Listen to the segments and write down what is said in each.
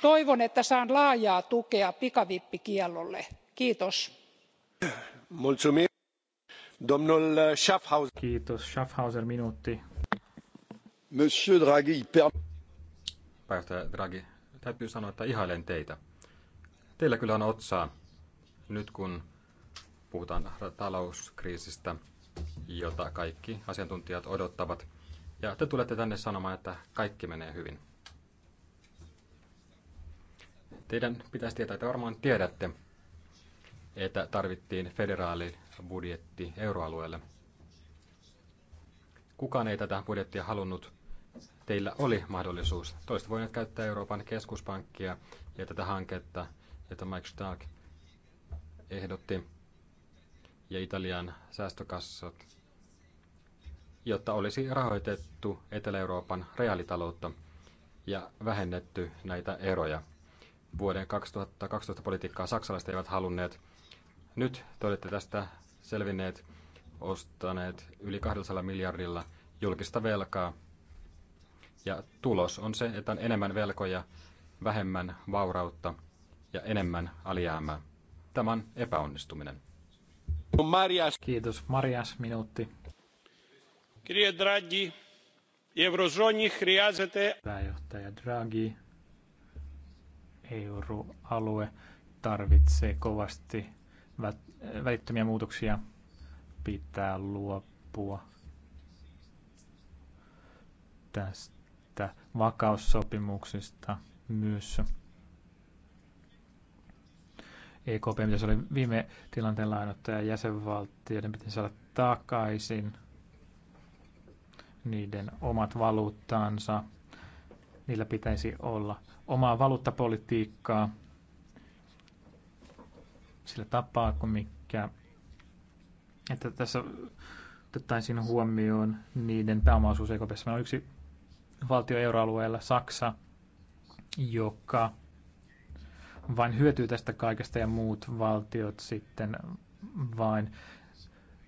toivon että saan laajaa tukea pikavippikiellolle. kiitos. Kiitos. Schaffhauser minuutti. Monsieur Draghi, per... Pääjohtaja Draghi, täytyy sanoa, että ihailen teitä. Teillä kyllä on otsaa nyt kun puhutaan talouskriisistä, jota kaikki asiantuntijat odottavat. Ja te tulette tänne sanomaan, että kaikki menee hyvin. Teidän pitäisi tietää, että varmaan tiedätte, että tarvittiin budjetti euroalueelle. Kukaan ei tätä budjettia halunnut. Teillä oli mahdollisuus. Toista voineet käyttää Euroopan keskuspankkia ja tätä hanketta, jota Mike Stark ehdotti, ja Italian säästökassat, jotta olisi rahoitettu Etelä-Euroopan reaalitaloutta ja vähennetty näitä eroja vuoden 2012 politiikkaa saksalaiset eivät halunneet. Nyt te olette tästä selvinneet, ostaneet yli 200 miljardilla julkista velkaa. Ja tulos on se, että on enemmän velkoja, vähemmän vaurautta ja enemmän alijäämää. Tämä on epäonnistuminen. Marias. Kiitos. Marias, minuutti. Kirje Draghi, Eurozoni Pääjohtaja Draghi, euroalue tarvitsee kovasti välittömiä muutoksia. Pitää luopua tästä vakaussopimuksesta myös. EKP, mitä se oli viime tilanteen lainoittaja, jäsenvaltioiden pitäisi saada takaisin niiden omat valuuttansa – Niillä pitäisi olla omaa valuuttapolitiikkaa sillä tapaa kuin mikä, että tässä otettaisiin huomioon niiden pääomaosuus EKPssä. Meillä on yksi valtio euroalueella, Saksa, joka vain hyötyy tästä kaikesta ja muut valtiot sitten vain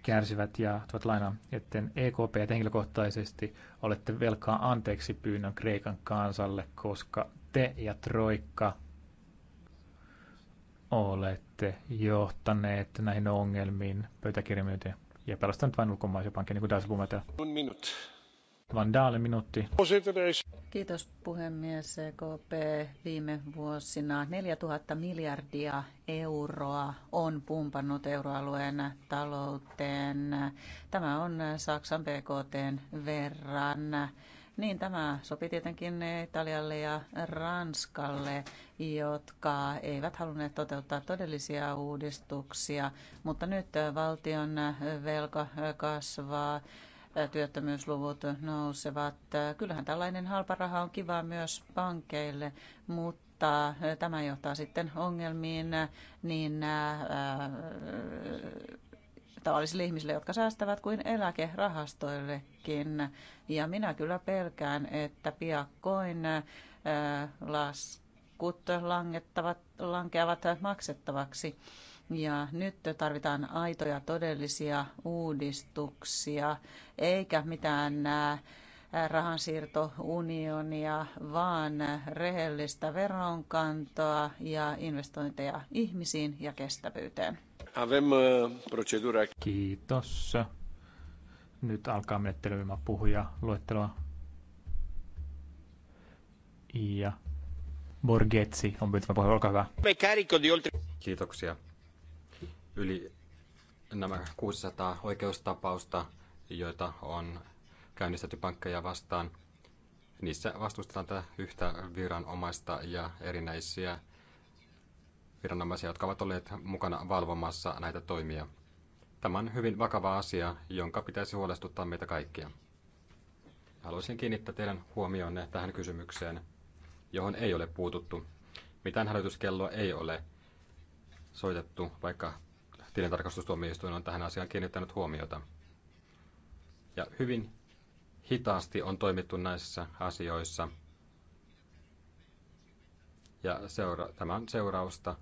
kärsivät ja tuot lainaa, että e EKP ja henkilökohtaisesti olette velkaa anteeksi pyynnön Kreikan kansalle, koska te ja Troikka olette johtaneet näihin ongelmiin pöytäkirjamyyntiin ja pelastanut vain ulkomaisia pankkeja, niin kuin tässä Un minut. Van Daale, minuutti. Kiitos puhemies EKP. Viime vuosina 4000 miljardia euroa on pumpannut euroalueen talouteen. Tämä on Saksan BKT verran. Niin, tämä sopi tietenkin Italialle ja Ranskalle, jotka eivät halunneet toteuttaa todellisia uudistuksia, mutta nyt valtion velka kasvaa työttömyysluvut nousevat. Kyllähän tällainen halpa raha on kiva myös pankeille, mutta tämä johtaa sitten ongelmiin niin tavallisille ihmisille, jotka säästävät kuin eläkerahastoillekin. Ja minä kyllä pelkään, että piakkoin laskut langettavat, lankeavat maksettavaksi. Ja nyt tarvitaan aitoja todellisia uudistuksia, eikä mitään rahansiirtounionia, vaan rehellistä veronkantoa ja investointeja ihmisiin ja kestävyyteen. Avem procedura. Kiitos. Nyt alkaa menettely puhuja luettelua. Ja Borgetsi on pyytävä puhuja, olkaa hyvä. Kiitoksia yli nämä 600 oikeustapausta, joita on käynnistetty pankkeja vastaan. Niissä vastustetaan tätä yhtä viranomaista ja erinäisiä viranomaisia, jotka ovat olleet mukana valvomassa näitä toimia. Tämä on hyvin vakava asia, jonka pitäisi huolestuttaa meitä kaikkia. Haluaisin kiinnittää teidän huomionne tähän kysymykseen, johon ei ole puututtu. Mitään hälytyskelloa ei ole soitettu, vaikka tilintarkastustuomioistuin on tähän asiaan kiinnittänyt huomiota. Ja hyvin hitaasti on toimittu näissä asioissa. Ja seura- tämän seurausta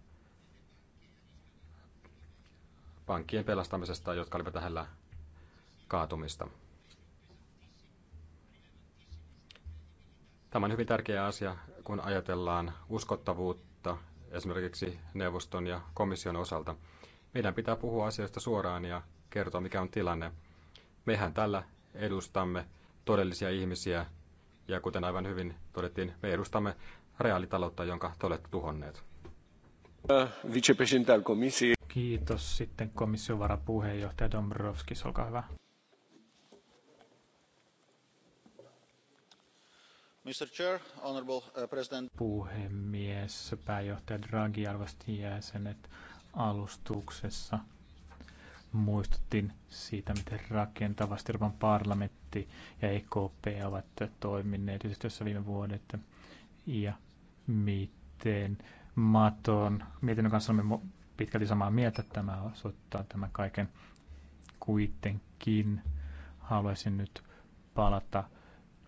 pankkien pelastamisesta, jotka olivat lähellä kaatumista. Tämä on hyvin tärkeä asia, kun ajatellaan uskottavuutta esimerkiksi neuvoston ja komission osalta – meidän pitää puhua asioista suoraan ja kertoa, mikä on tilanne. Mehän tällä edustamme todellisia ihmisiä, ja kuten aivan hyvin todettiin, me edustamme reaalitaloutta, jonka te olette tuhonneet. Kiitos. Sitten komission varapuheenjohtaja Dombrovskis, olkaa hyvä. Mr. Chair, honorable uh, president. Puhemies, pääjohtaja Draghi, arvosti jäsenet alustuksessa muistutin siitä, miten rakentavasti Euroopan parlamentti ja EKP ovat toimineet yhteistyössä viime vuodet ja miten Maton mietinnön kanssa olemme pitkälti samaa mieltä. Tämä osoittaa tämä kaiken kuitenkin. Haluaisin nyt palata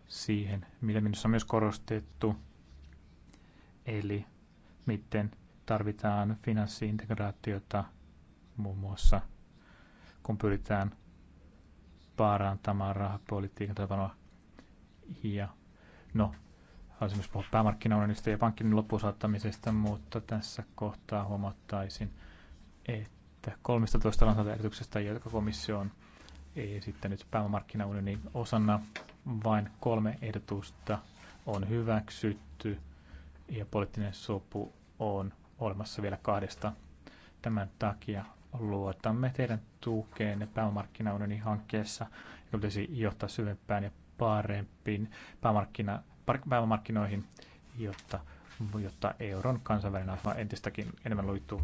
siihen, mitä minussa on myös korostettu, eli miten tarvitaan finanssiintegraatiota muun muassa, kun pyritään parantamaan rahapolitiikan tapanoa. Ja no, haluaisin myös puhua päämarkkinaunionista ja pankin loppusaattamisesta, mutta tässä kohtaa huomauttaisin, että 13 lainsäädäntöehdotuksesta, jotka komissio on esittänyt pääomamarkkinaunionin osana, vain kolme ehdotusta on hyväksytty ja poliittinen sopu on olemassa vielä kahdesta. Tämän takia luotamme teidän tukeen pääomarkkinaunionin hankkeessa, joka pitäisi johtaa syvempään ja parempiin pääomarkkina, pääomamarkkinoihin, jotta jotta euron kansainvälinen asema entistäkin enemmän luittuu.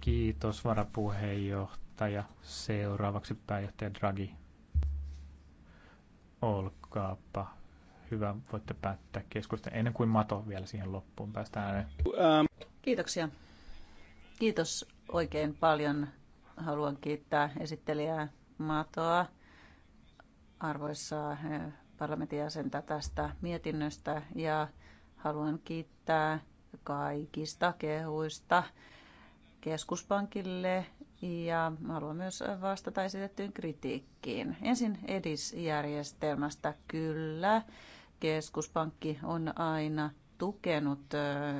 Kiitos varapuheenjohtaja. Seuraavaksi pääjohtaja Draghi. Olkaapa Hyvä, voitte päättää keskustelua ennen kuin Mato vielä siihen loppuun päästään ääneen. Kiitoksia. Kiitos oikein paljon. Haluan kiittää esittelijää Matoa, arvoissa eh, parlamentin jäsentä tästä mietinnöstä ja haluan kiittää kaikista kehuista keskuspankille ja haluan myös vastata esitettyyn kritiikkiin. Ensin edisjärjestelmästä kyllä keskuspankki on aina tukenut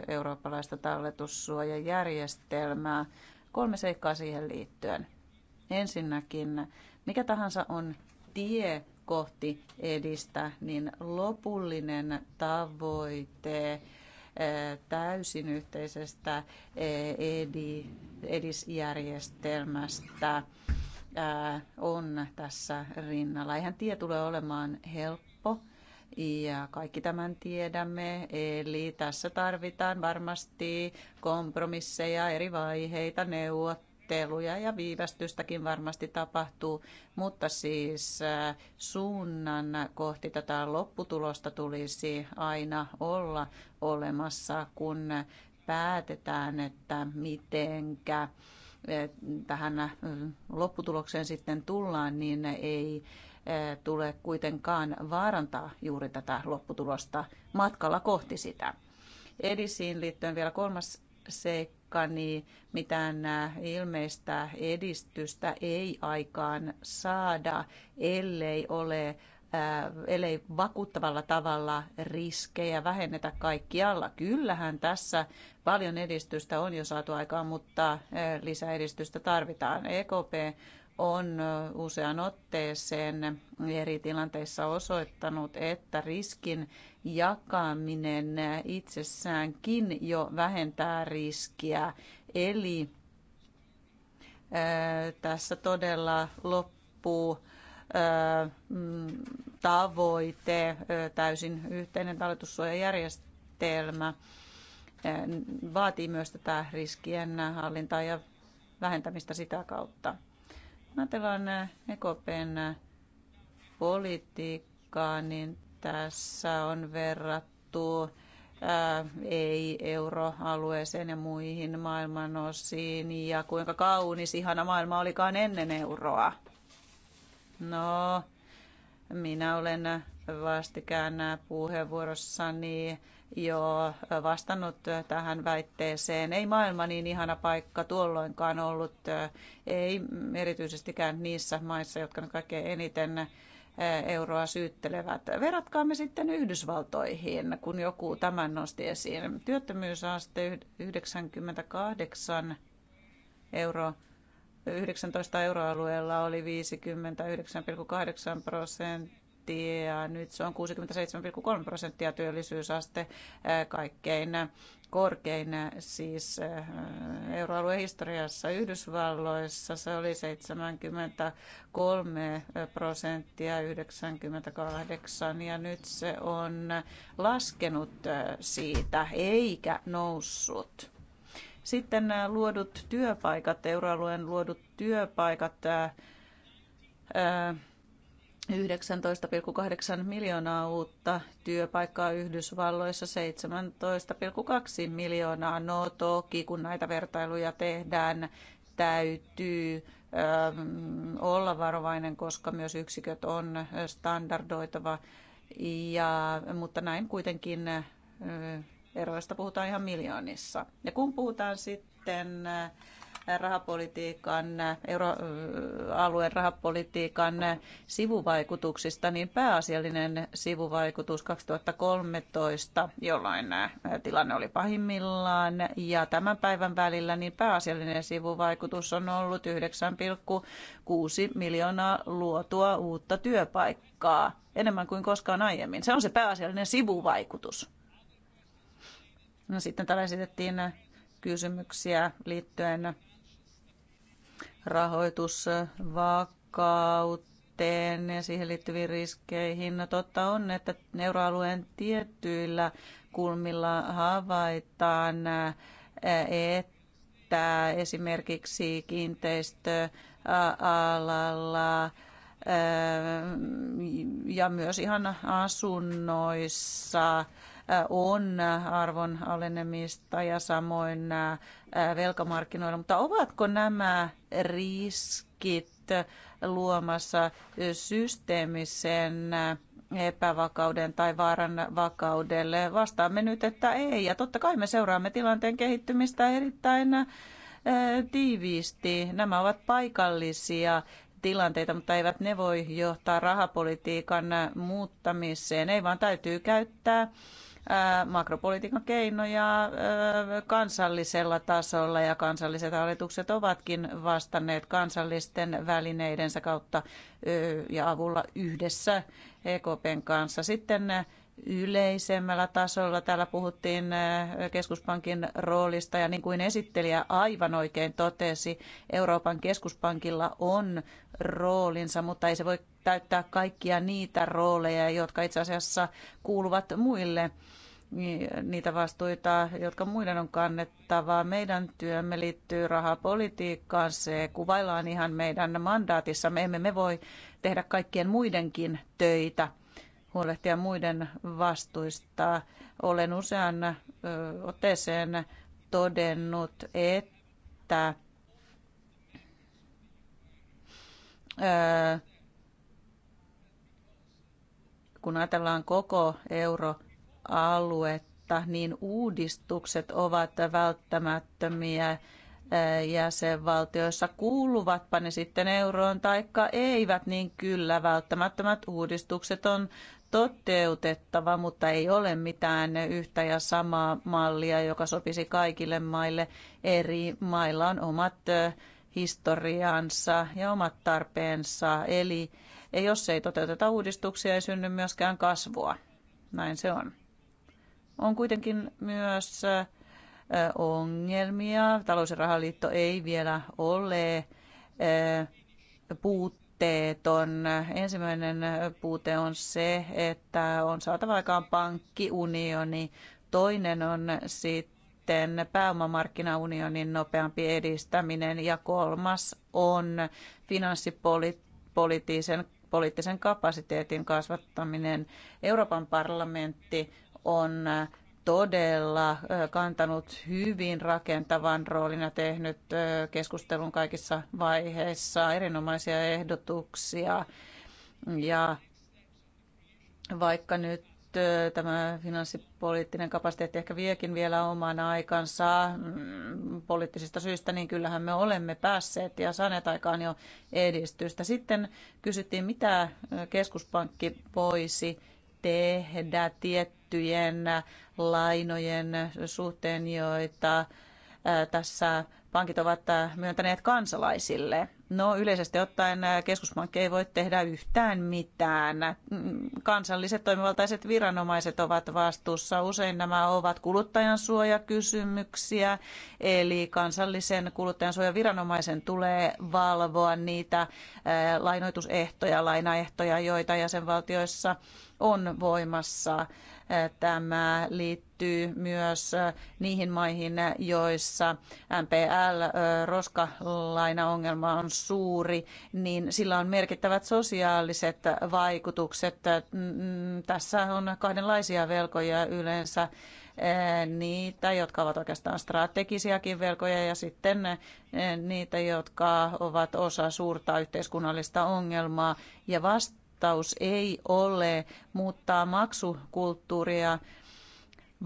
eurooppalaista talletussuojajärjestelmää. Kolme seikkaa siihen liittyen. Ensinnäkin, mikä tahansa on tie kohti edistä, niin lopullinen tavoite täysin yhteisestä edisjärjestelmästä on tässä rinnalla. Eihän tie tule olemaan helppo ja kaikki tämän tiedämme, eli tässä tarvitaan varmasti kompromisseja, eri vaiheita, neuvotteluja ja viivästystäkin varmasti tapahtuu, mutta siis äh, suunnan kohti tätä lopputulosta tulisi aina olla olemassa, kun päätetään, että mitenkä äh, tähän äh, lopputulokseen sitten tullaan, niin ei tule kuitenkaan vaarantaa juuri tätä lopputulosta matkalla kohti sitä. Edisiin liittyen vielä kolmas seikka, niin mitään ilmeistä edistystä ei aikaan saada, ellei ole ellei vakuuttavalla tavalla riskejä vähennetä kaikkialla. Kyllähän tässä paljon edistystä on jo saatu aikaan, mutta lisäedistystä tarvitaan. EKP on usean otteeseen eri tilanteissa osoittanut, että riskin jakaminen itsessäänkin jo vähentää riskiä. Eli tässä todella loppuu mm, tavoite, täysin yhteinen talletussuojajärjestelmä vaatii myös tätä riskien hallintaa ja vähentämistä sitä kautta ajatellaan äh, EKPn äh, politiikkaa, niin tässä on verrattu äh, ei-euroalueeseen ja muihin maailman osiin ja kuinka kaunis ihana maailma olikaan ennen euroa. No, minä olen vastikään puheenvuorossani jo vastannut tähän väitteeseen. Ei maailma niin ihana paikka tuolloinkaan ollut, ei erityisestikään niissä maissa, jotka nyt kaikkein eniten eh, euroa syyttelevät. Verratkaamme sitten Yhdysvaltoihin, kun joku tämän nosti esiin. Työttömyysaste 98 euro. 19 euroalueella oli 59,8 prosenttia prosenttia. Nyt se on 67,3 prosenttia työllisyysaste kaikkein korkein siis euroalueen historiassa. Yhdysvalloissa se oli 73 prosenttia 98 ja nyt se on laskenut siitä eikä noussut. Sitten nämä luodut työpaikat, euroalueen luodut työpaikat, 19,8 miljoonaa uutta työpaikkaa Yhdysvalloissa, 17,2 miljoonaa. No toki, kun näitä vertailuja tehdään, täytyy ähm, olla varovainen, koska myös yksiköt on äh, standardoitava. Ja, mutta näin kuitenkin äh, eroista puhutaan ihan miljoonissa. Ja kun puhutaan sitten äh, rahapolitiikan, euroalueen rahapolitiikan sivuvaikutuksista, niin pääasiallinen sivuvaikutus 2013, jolloin tilanne oli pahimmillaan, ja tämän päivän välillä niin pääasiallinen sivuvaikutus on ollut 9,6 miljoonaa luotua uutta työpaikkaa, enemmän kuin koskaan aiemmin. Se on se pääasiallinen sivuvaikutus. No, sitten täällä esitettiin kysymyksiä liittyen rahoitusvakauteen ja siihen liittyviin riskeihin. No totta on, että euroalueen tiettyillä kulmilla havaitaan, että esimerkiksi kiinteistöalalla ja myös ihan asunnoissa on arvon alenemista ja samoin äh, velkamarkkinoilla, mutta ovatko nämä riskit luomassa systeemisen epävakauden tai vaaran vakaudelle? Vastaamme nyt, että ei. Ja totta kai me seuraamme tilanteen kehittymistä erittäin äh, tiiviisti. Nämä ovat paikallisia tilanteita, mutta eivät ne voi johtaa rahapolitiikan muuttamiseen. Ei vaan täytyy käyttää makropolitiikan keinoja kansallisella tasolla ja kansalliset hallitukset ovatkin vastanneet kansallisten välineidensä kautta ja avulla yhdessä EKPn kanssa. Sitten yleisemmällä tasolla. Täällä puhuttiin äh, keskuspankin roolista ja niin kuin esittelijä aivan oikein totesi, Euroopan keskuspankilla on roolinsa, mutta ei se voi täyttää kaikkia niitä rooleja, jotka itse asiassa kuuluvat muille niitä vastuita, jotka muiden on kannettava. Meidän työmme liittyy rahapolitiikkaan, se kuvaillaan ihan meidän me Emme me voi tehdä kaikkien muidenkin töitä huolehtia muiden vastuista. Olen usean otteeseen todennut, että kun ajatellaan koko euroaluetta, niin uudistukset ovat välttämättömiä jäsenvaltioissa kuuluvatpa ne sitten euroon taikka eivät, niin kyllä välttämättömät uudistukset on toteutettava, mutta ei ole mitään yhtä ja samaa mallia, joka sopisi kaikille maille. Eri mailla on omat historiansa ja omat tarpeensa, eli e, jos ei toteuteta uudistuksia, ei synny myöskään kasvua. Näin se on. On kuitenkin myös ongelmia. Talous- ja rahaliitto ei vielä ole puut on Ensimmäinen puute on se, että on saatava aikaan pankkiunioni. Toinen on sitten pääomamarkkinaunionin nopeampi edistäminen ja kolmas on finanssipoliittisen poliittisen kapasiteetin kasvattaminen. Euroopan parlamentti on todella kantanut hyvin rakentavan roolin ja tehnyt keskustelun kaikissa vaiheissa erinomaisia ehdotuksia. Ja vaikka nyt tämä finanssipoliittinen kapasiteetti ehkä viekin vielä oman aikansa mm, poliittisista syistä, niin kyllähän me olemme päässeet ja saaneet aikaan jo edistystä. Sitten kysyttiin, mitä keskuspankki voisi tehdä tiettyjä tiettyjen lainojen suhteen, joita tässä pankit ovat myöntäneet kansalaisille. No yleisesti ottaen keskuspankki ei voi tehdä yhtään mitään. Mm, kansalliset toimivaltaiset viranomaiset ovat vastuussa. Usein nämä ovat kuluttajan suojakysymyksiä, eli kansallisen kuluttajan suojaviranomaisen tulee valvoa niitä lainoitusehtoja, lainaehtoja, joita jäsenvaltioissa on voimassa. Tämä liittyy myös äh, niihin maihin, joissa MPL, äh, roskalainaongelma on suuri, niin sillä on merkittävät sosiaaliset vaikutukset. Äh, mm, mm, tässä on kahdenlaisia velkoja yleensä niitä, jotka ovat oikeastaan strategisiakin velkoja ja sitten niitä, jotka ovat osa suurta yhteiskunnallista ongelmaa. Ja vasta valmistaus ei ole muuttaa maksukulttuuria,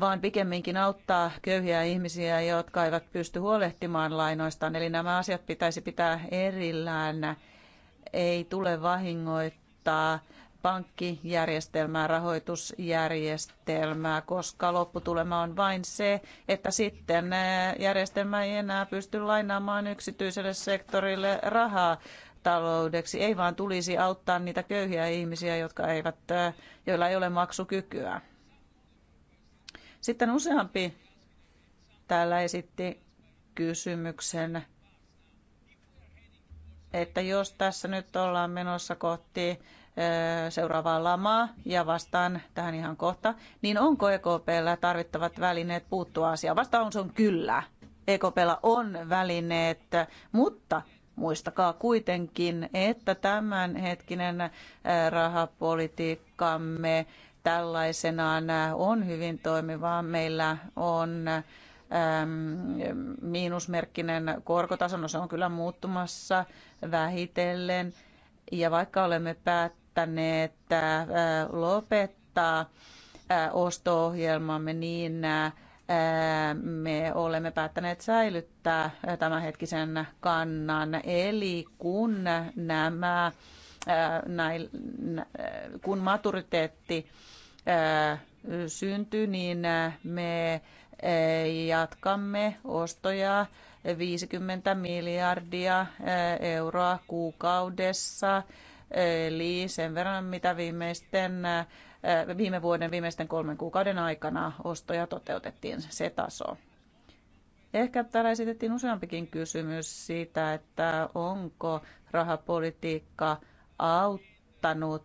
vaan pikemminkin auttaa köyhiä ihmisiä, jotka eivät pysty huolehtimaan lainoistaan. Eli nämä asiat pitäisi pitää erillään. Ei tule vahingoittaa pankkijärjestelmää, rahoitusjärjestelmää, koska lopputulema on vain se, että sitten eh, järjestelmä ei enää pysty lainaamaan yksityiselle sektorille rahaa taloudeksi, ei vaan tulisi auttaa niitä köyhiä ihmisiä, jotka eivät, joilla ei ole maksukykyä. Sitten useampi täällä esitti kysymyksen, että jos tässä nyt ollaan menossa kohti seuraavaa lamaa ja vastaan tähän ihan kohta, niin onko EKPllä tarvittavat välineet puuttua asiaan? Vastaus on kyllä. EKPllä on välineet, mutta Muistakaa kuitenkin, että tämänhetkinen äh, rahapolitiikkamme tällaisenaan äh, on hyvin toimiva, Meillä on ähm, miinusmerkkinen korkotaso, no se on kyllä muuttumassa vähitellen. Ja vaikka olemme päättäneet äh, lopettaa osto-ohjelmamme, niin me olemme päättäneet säilyttää tämänhetkisen kannan. Eli kun nämä, kun maturiteetti syntyy, niin me jatkamme ostoja 50 miljardia euroa kuukaudessa, eli sen verran mitä viimeisten viime vuoden viimeisten kolmen kuukauden aikana ostoja toteutettiin se taso. Ehkä täällä esitettiin useampikin kysymys siitä, että onko rahapolitiikka auttanut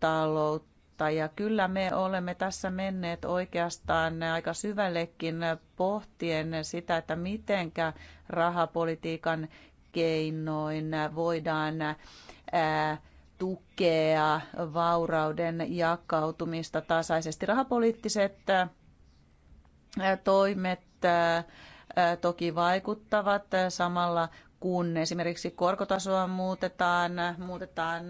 taloutta. Ja kyllä me olemme tässä menneet oikeastaan aika syvällekin pohtien sitä, että mitenkä rahapolitiikan keinoin voidaan ää, tukea vaurauden jakautumista tasaisesti. Rahapoliittiset äh, toimet äh, äh, toki vaikuttavat samalla kun esimerkiksi korkotasoa muutetaan, muutetaan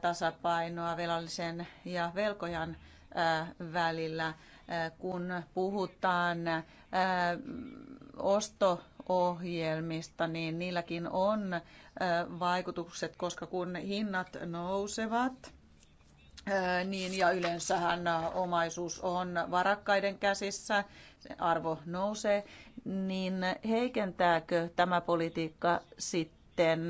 tasapainoa velallisen ja velkojan välillä, kun puhutaan osto ohjelmista, niin niilläkin on vaikutukset, koska kun hinnat nousevat, niin ja yleensähän omaisuus on varakkaiden käsissä, arvo nousee, niin heikentääkö tämä politiikka sitten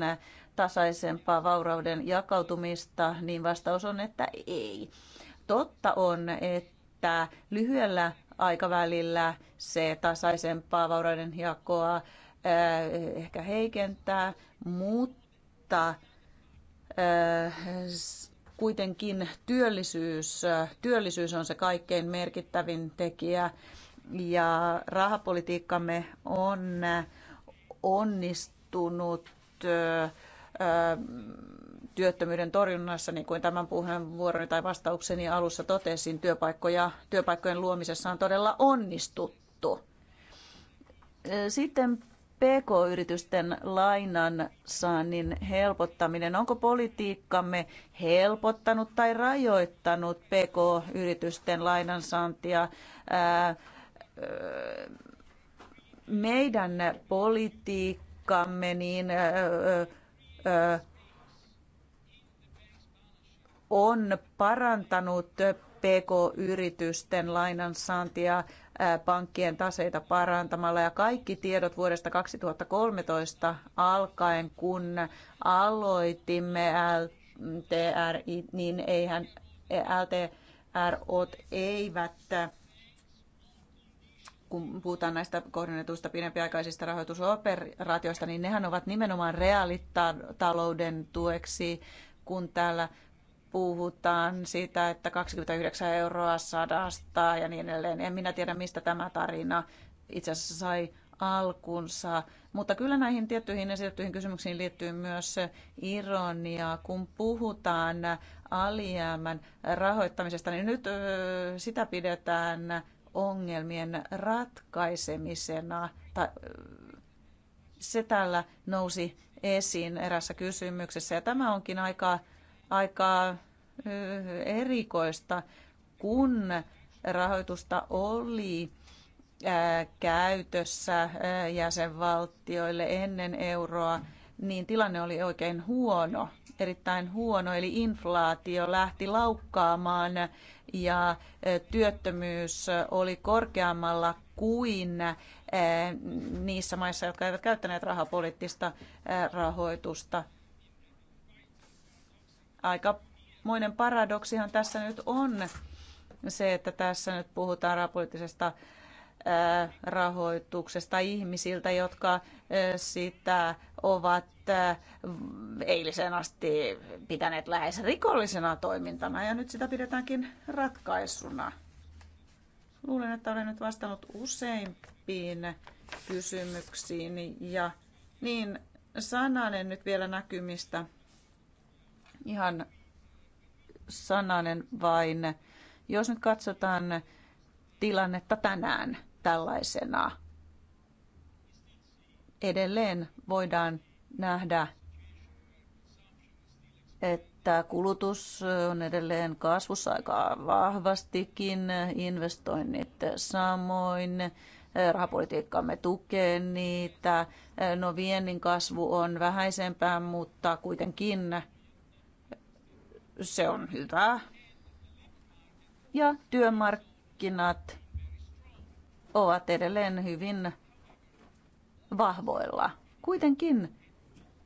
tasaisempaa vaurauden jakautumista, niin vastaus on, että ei. Totta on, että lyhyellä aikavälillä se tasaisempaa vaurauden jakoa Eh, ehkä heikentää, mutta eh, kuitenkin työllisyys, eh, työllisyys on se kaikkein merkittävin tekijä ja rahapolitiikkamme on onnistunut työttömyyden torjunnassa, niin kuin tämän puheenvuoroni tai vastaukseni alussa totesin, työpaikkoja, työpaikkojen luomisessa on todella onnistuttu. Sitten PK-yritysten lainan saannin helpottaminen, onko politiikkamme helpottanut tai rajoittanut PK-yritysten lainansaantia? Meidän politiikkamme niin on parantanut PK-yritysten lainansaantia pankkien taseita parantamalla ja kaikki tiedot vuodesta 2013 alkaen, kun aloitimme LTRI, niin eihän LTROt eivät kun puhutaan näistä kohdennetuista pidempiaikaisista rahoitusoperaatioista, niin nehän ovat nimenomaan reaalitalouden tueksi, kun täällä puhutaan siitä, että 29 euroa sadasta ja niin edelleen. En minä tiedä, mistä tämä tarina itse asiassa sai alkunsa. Mutta kyllä näihin tiettyihin esitettyihin kysymyksiin liittyy myös ironia, Kun puhutaan alijäämän rahoittamisesta, niin nyt sitä pidetään ongelmien ratkaisemisena. Se täällä nousi esiin erässä kysymyksessä ja tämä onkin aika, aika erikoista, kun rahoitusta oli käytössä jäsenvaltioille ennen euroa, niin tilanne oli oikein huono, erittäin huono, eli inflaatio lähti laukkaamaan ja työttömyys oli korkeammalla kuin niissä maissa, jotka eivät käyttäneet rahapoliittista rahoitusta. Aika moinen paradoksihan tässä nyt on se, että tässä nyt puhutaan rapoliittisesta rahoituksesta ihmisiltä, jotka sitä ovat eilisen asti pitäneet lähes rikollisena toimintana ja nyt sitä pidetäänkin ratkaisuna. Luulen, että olen nyt vastannut useimpiin kysymyksiin ja niin sananen nyt vielä näkymistä ihan sananen vain. Jos nyt katsotaan tilannetta tänään tällaisena, edelleen voidaan nähdä, että kulutus on edelleen kasvussa aika vahvastikin, investoinnit samoin, rahapolitiikkamme tukee niitä. No viennin kasvu on vähäisempää, mutta kuitenkin se on hyvä. Ja työmarkkinat ovat edelleen hyvin vahvoilla. Kuitenkin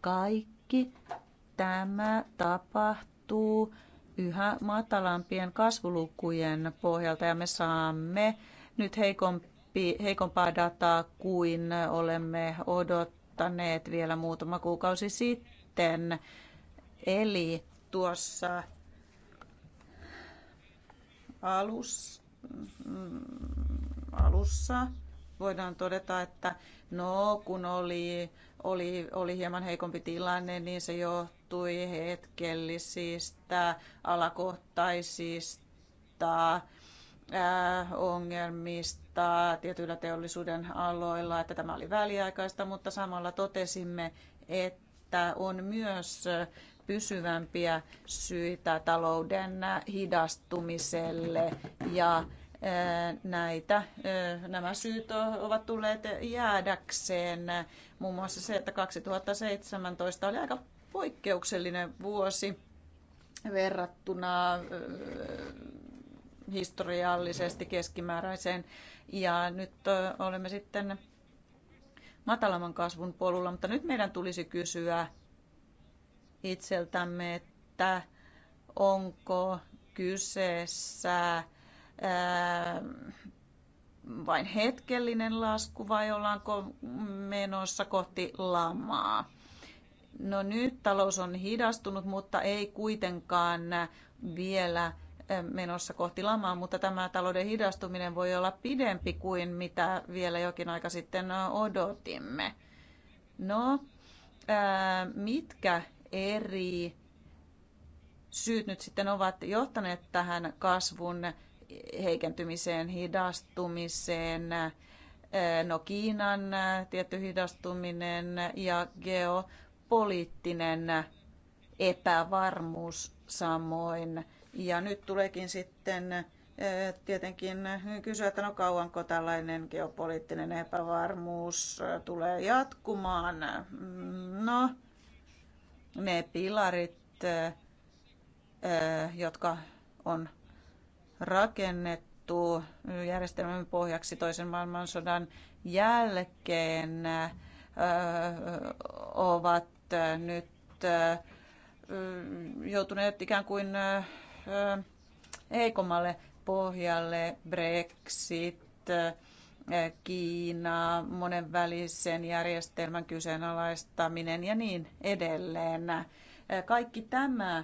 kaikki tämä tapahtuu yhä matalampien kasvulukujen pohjalta ja me saamme nyt heikompi, heikompaa dataa kuin olemme odottaneet vielä muutama kuukausi sitten. Eli tuossa alus, mm, alussa voidaan todeta, että no kun oli, oli, oli hieman heikompi tilanne, niin se johtui hetkellisistä, alakohtaisista äh, ongelmista tietyillä teollisuuden aloilla, että tämä oli väliaikaista, mutta samalla totesimme, että on myös pysyvämpiä syitä talouden hidastumiselle ja näitä, nämä syyt ovat tulleet jäädäkseen. Muun muassa se, että 2017 oli aika poikkeuksellinen vuosi verrattuna historiallisesti keskimääräiseen. Ja nyt olemme sitten matalamman kasvun polulla, mutta nyt meidän tulisi kysyä, itseltämme, että onko kyseessä vain hetkellinen lasku vai ollaanko menossa kohti lamaa. No nyt talous on hidastunut, mutta ei kuitenkaan vielä menossa kohti lamaa, mutta tämä talouden hidastuminen voi olla pidempi kuin mitä vielä jokin aika sitten odotimme. No, mitkä eri syyt nyt sitten ovat johtaneet tähän kasvun heikentymiseen, hidastumiseen, no Kiinan tietty hidastuminen ja geopoliittinen epävarmuus samoin. Ja nyt tuleekin sitten eh, tietenkin kysyä, että no kauanko tällainen geopoliittinen epävarmuus eh, tulee jatkumaan. Mm, no, ne pilarit, jotka on rakennettu järjestelmän pohjaksi toisen maailmansodan jälkeen, ovat nyt joutuneet ikään kuin heikommalle pohjalle Brexit, Kiina, monenvälisen järjestelmän kyseenalaistaminen ja niin edelleen. Kaikki tämä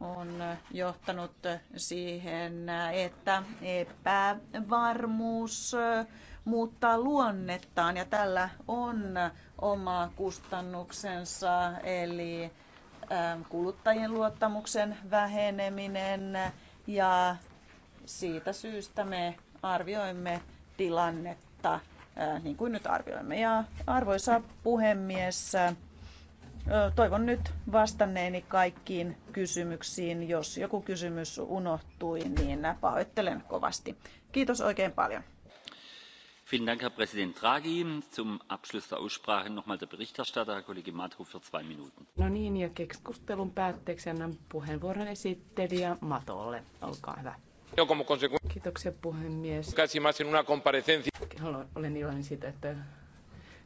on johtanut siihen, että epävarmuus muuttaa luonnettaan ja tällä on oma kustannuksensa, eli ähm, kuluttajien luottamuksen väheneminen ja siitä syystä me arvioimme tilannetta niin kuin nyt arvioimme. Ja arvoisa puhemies, toivon nyt vastanneeni kaikkiin kysymyksiin. Jos joku kysymys unohtui, niin pahoittelen kovasti. Kiitos oikein paljon. Vielen Dank, Herr Präsident Draghi. Zum Abschluss der Aussprache nochmal der Berichterstatter, Herr Kollege Mathu, für zwei Minuten. No niin, ja keskustelun päätteeksi annan puheenvuoron esittelijä Matolle. Olkaa hyvä. Kiitoksia puhemies. Casi más en una comparecencia. Olen iloinen siitä, että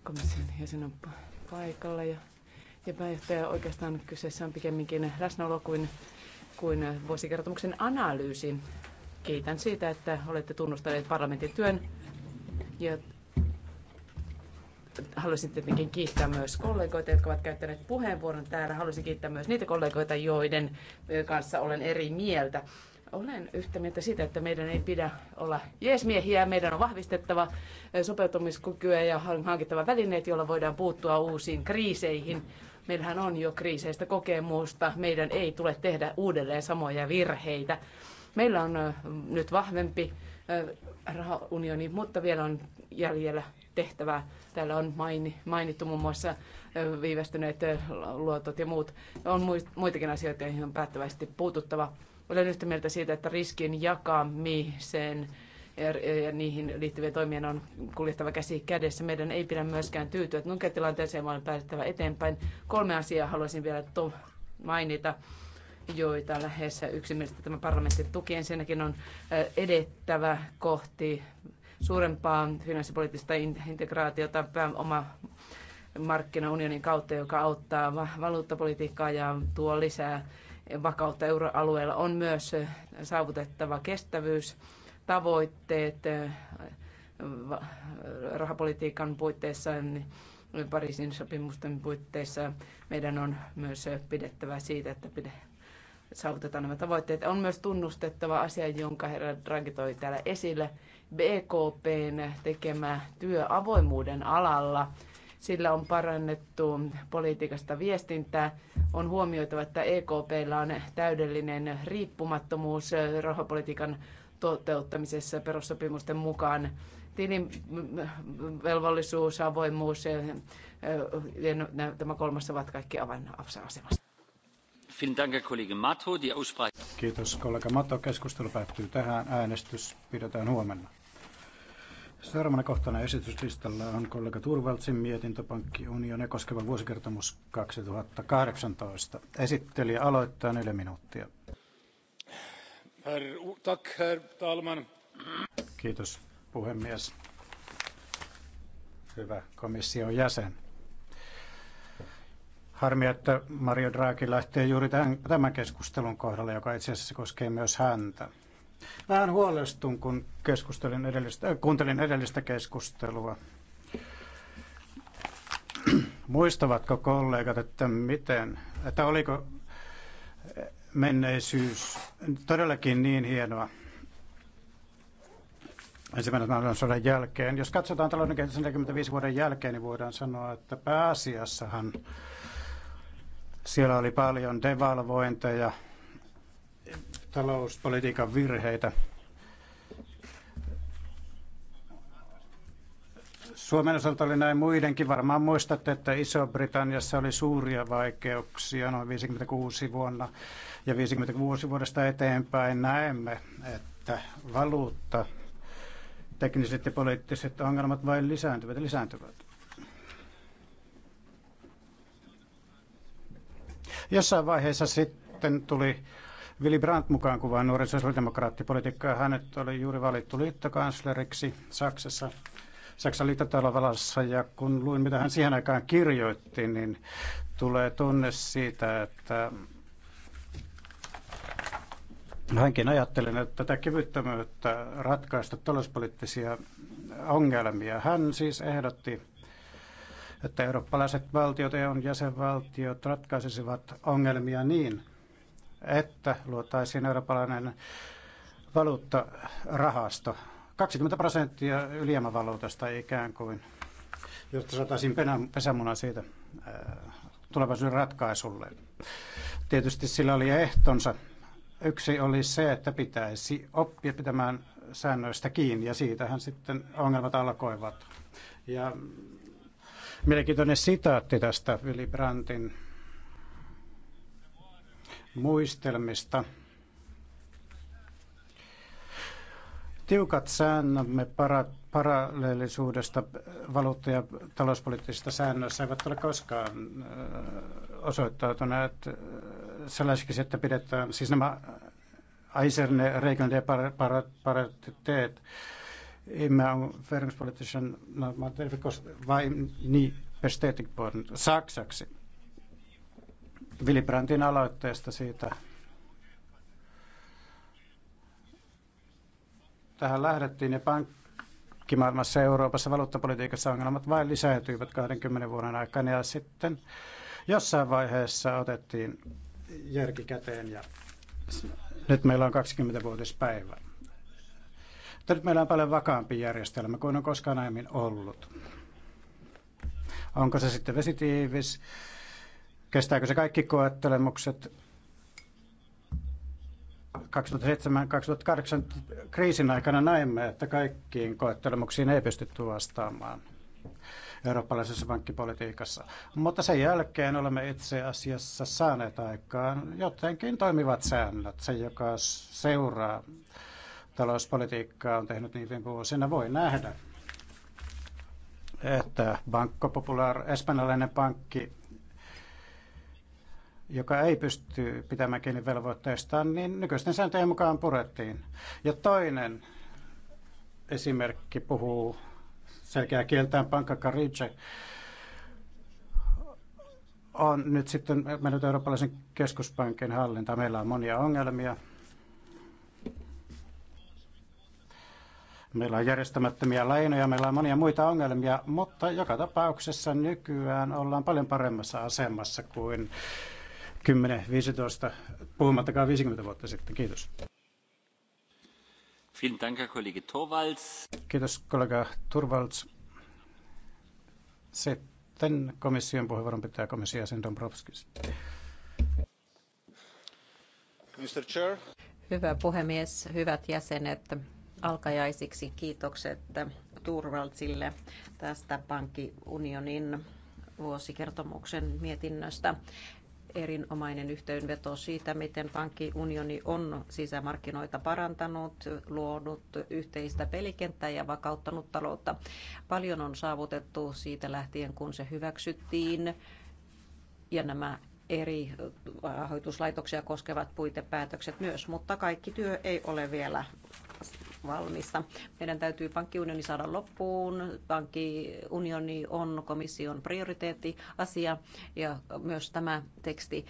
komission jäsen on paikalla ja, ja pääjohtaja oikeastaan kyseessä on pikemminkin läsnäolo kuin, kuin vuosikertomuksen analyysi. Kiitän siitä, että olette tunnustaneet parlamentin työn ja haluaisin tietenkin kiittää myös kollegoita, jotka ovat käyttäneet puheenvuoron täällä. Haluaisin kiittää myös niitä kollegoita, joiden kanssa olen eri mieltä. Olen yhtä mieltä siitä, että meidän ei pidä olla jeesmiehiä. Meidän on vahvistettava eh, sopeutumiskykyä ja hankittava välineet, joilla voidaan puuttua uusiin kriiseihin. Meillähän on jo kriiseistä kokemusta. Meidän ei tule tehdä uudelleen samoja virheitä. Meillä on eh, nyt vahvempi eh, rahaunioni, mutta vielä on jäljellä tehtävää. Täällä on mainittu muun muassa viivästyneet luotot ja muut. On muitakin asioita, joihin on päättävästi puututtava. Olen yhtä mieltä siitä, että riskin jakamiseen ja niihin liittyvien toimien on kuljettava käsi kädessä. Meidän ei pidä myöskään tyytyä nuketilanteeseen, vaan päästettävä eteenpäin. Kolme asiaa haluaisin vielä mainita joita lähes yksimielisesti tämä parlamentti tuki. Ensinnäkin on edettävä kohti suurempaa finanssipoliittista integraatiota oma markkinaunionin kautta, joka auttaa valuuttapolitiikkaa ja tuo lisää vakautta euroalueella on myös saavutettava kestävyys, tavoitteet rahapolitiikan puitteissa, Pariisin sopimusten puitteissa. Meidän on myös pidettävä siitä, että pide, saavutetaan nämä tavoitteet. On myös tunnustettava asia, jonka herra Draghi toi täällä esille, BKPn tekemä työ avoimuuden alalla – sillä on parannettu politiikasta viestintää. On huomioitava, että EKPllä on täydellinen riippumattomuus rahapolitiikan toteuttamisessa perussopimusten mukaan tilivelvollisuus, avoimuus ja tämä kolmas ovat kaikki avainasemassa. Kiitos kollega Mato. Keskustelu päättyy tähän. Äänestys pidetään huomenna. Seuraavana kohtana esityslistalla on kollega Turvaltsin mietintö Pankkiunionia koskeva vuosikertomus 2018. Esittelijä aloittaa neljä minuuttia. Herr, tack, herr talman. Kiitos puhemies. Hyvä komission jäsen. Harmi, että Mario Draghi lähtee juuri tämän, tämän keskustelun kohdalla, joka itse asiassa koskee myös häntä. Vähän huolestun, kun keskustelin edellistä, äh, kuuntelin edellistä keskustelua. Muistavatko kollegat, että miten, että oliko menneisyys todellakin niin hienoa ensimmäisen maailmansodan jälkeen. Jos katsotaan talouden kehitystä 45 vuoden jälkeen, niin voidaan sanoa, että pääasiassahan siellä oli paljon devalvointeja, talouspolitiikan virheitä. Suomen osalta oli näin muidenkin. Varmaan muistatte, että Iso-Britanniassa oli suuria vaikeuksia noin 56 vuonna ja 56 vuodesta eteenpäin näemme, että valuutta, tekniset ja poliittiset ongelmat vain lisääntyvät ja lisääntyvät. Jossain vaiheessa sitten tuli Willy Brandt mukaan kuvaa nuoren sosiaalidemokraattipolitiikkaa. Hänet oli juuri valittu liittokansleriksi Saksassa, Saksan liittotalovalassa. ja kun luin mitä hän siihen aikaan kirjoitti, niin tulee tunne siitä, että hänkin ajattelin, että tätä kevyttömyyttä ratkaista talouspoliittisia ongelmia. Hän siis ehdotti, että eurooppalaiset valtiot ja e EUn jäsenvaltiot ratkaisisivat ongelmia niin, että luotaisiin eurooppalainen valuuttarahasto. 20 prosenttia ylijäämävaluutasta ikään kuin, jotta saataisiin pesämuna siitä äh, tulevaisuuden ratkaisulle. Tietysti sillä oli ehtonsa. Yksi oli se, että pitäisi oppia pitämään säännöistä kiinni ja siitähän sitten ongelmat alkoivat. Ja mielenkiintoinen sitaatti tästä Willy Brandtin muistelmista. Tiukat säännömme para, paralleellisuudesta valuutta- ja talouspoliittisista säännöissä eivät ole koskaan osoittautuneet sellaisiksi, että pidetään, siis nämä Aiserne, Regeln ja Pariteet, immer on föringspolitischen, no, vai niin bestätigt saksaksi. Willy Brandtin aloitteesta siitä. Tähän lähdettiin ja pankkimaailmassa Euroopassa valuuttapolitiikassa ongelmat vain lisääntyivät 20 vuoden aikana ja sitten jossain vaiheessa otettiin järki käteen ja nyt meillä on 20-vuotispäivä. Mutta nyt meillä on paljon vakaampi järjestelmä kuin on koskaan aiemmin ollut. Onko se sitten vesitiivis, Kestääkö se kaikki koettelemukset? 2007-2008 kriisin aikana näemme, että kaikkiin koettelemuksiin ei pystytty vastaamaan eurooppalaisessa pankkipolitiikassa. Mutta sen jälkeen olemme itse asiassa saaneet aikaan jotenkin toimivat säännöt. Se, joka seuraa talouspolitiikkaa, on tehnyt niin viime vuosina, voi nähdä, että Banco Popular, espanjalainen pankki, joka ei pysty pitämään kiinni velvoitteistaan, niin nykyisten sääntöjen mukaan purettiin. Ja toinen esimerkki puhuu selkeää kieltään Pankka Karice, on nyt sitten mennyt Eurooppalaisen keskuspankin hallinta Meillä on monia ongelmia. Meillä on järjestämättömiä lainoja, meillä on monia muita ongelmia, mutta joka tapauksessa nykyään ollaan paljon paremmassa asemassa kuin 10-15, puhumattakaan 50 vuotta sitten. Kiitos. Kiitos kollega Turvalds. Sitten komission puheenvuoron pitää komission jäsen Dombrovskis. Mr. Chair. Hyvä puhemies, hyvät jäsenet. Alkajaisiksi kiitokset Turvaltsille tästä pankkiunionin vuosikertomuksen mietinnöstä erinomainen yhteenveto siitä, miten pankkiunioni on sisämarkkinoita parantanut, luonut yhteistä pelikenttää ja vakauttanut taloutta. Paljon on saavutettu siitä lähtien, kun se hyväksyttiin ja nämä eri rahoituslaitoksia koskevat puitepäätökset myös, mutta kaikki työ ei ole vielä valmista. Meidän täytyy pankkiunioni saada loppuun. Pankkiunioni on komission prioriteettiasia ja myös tämä teksti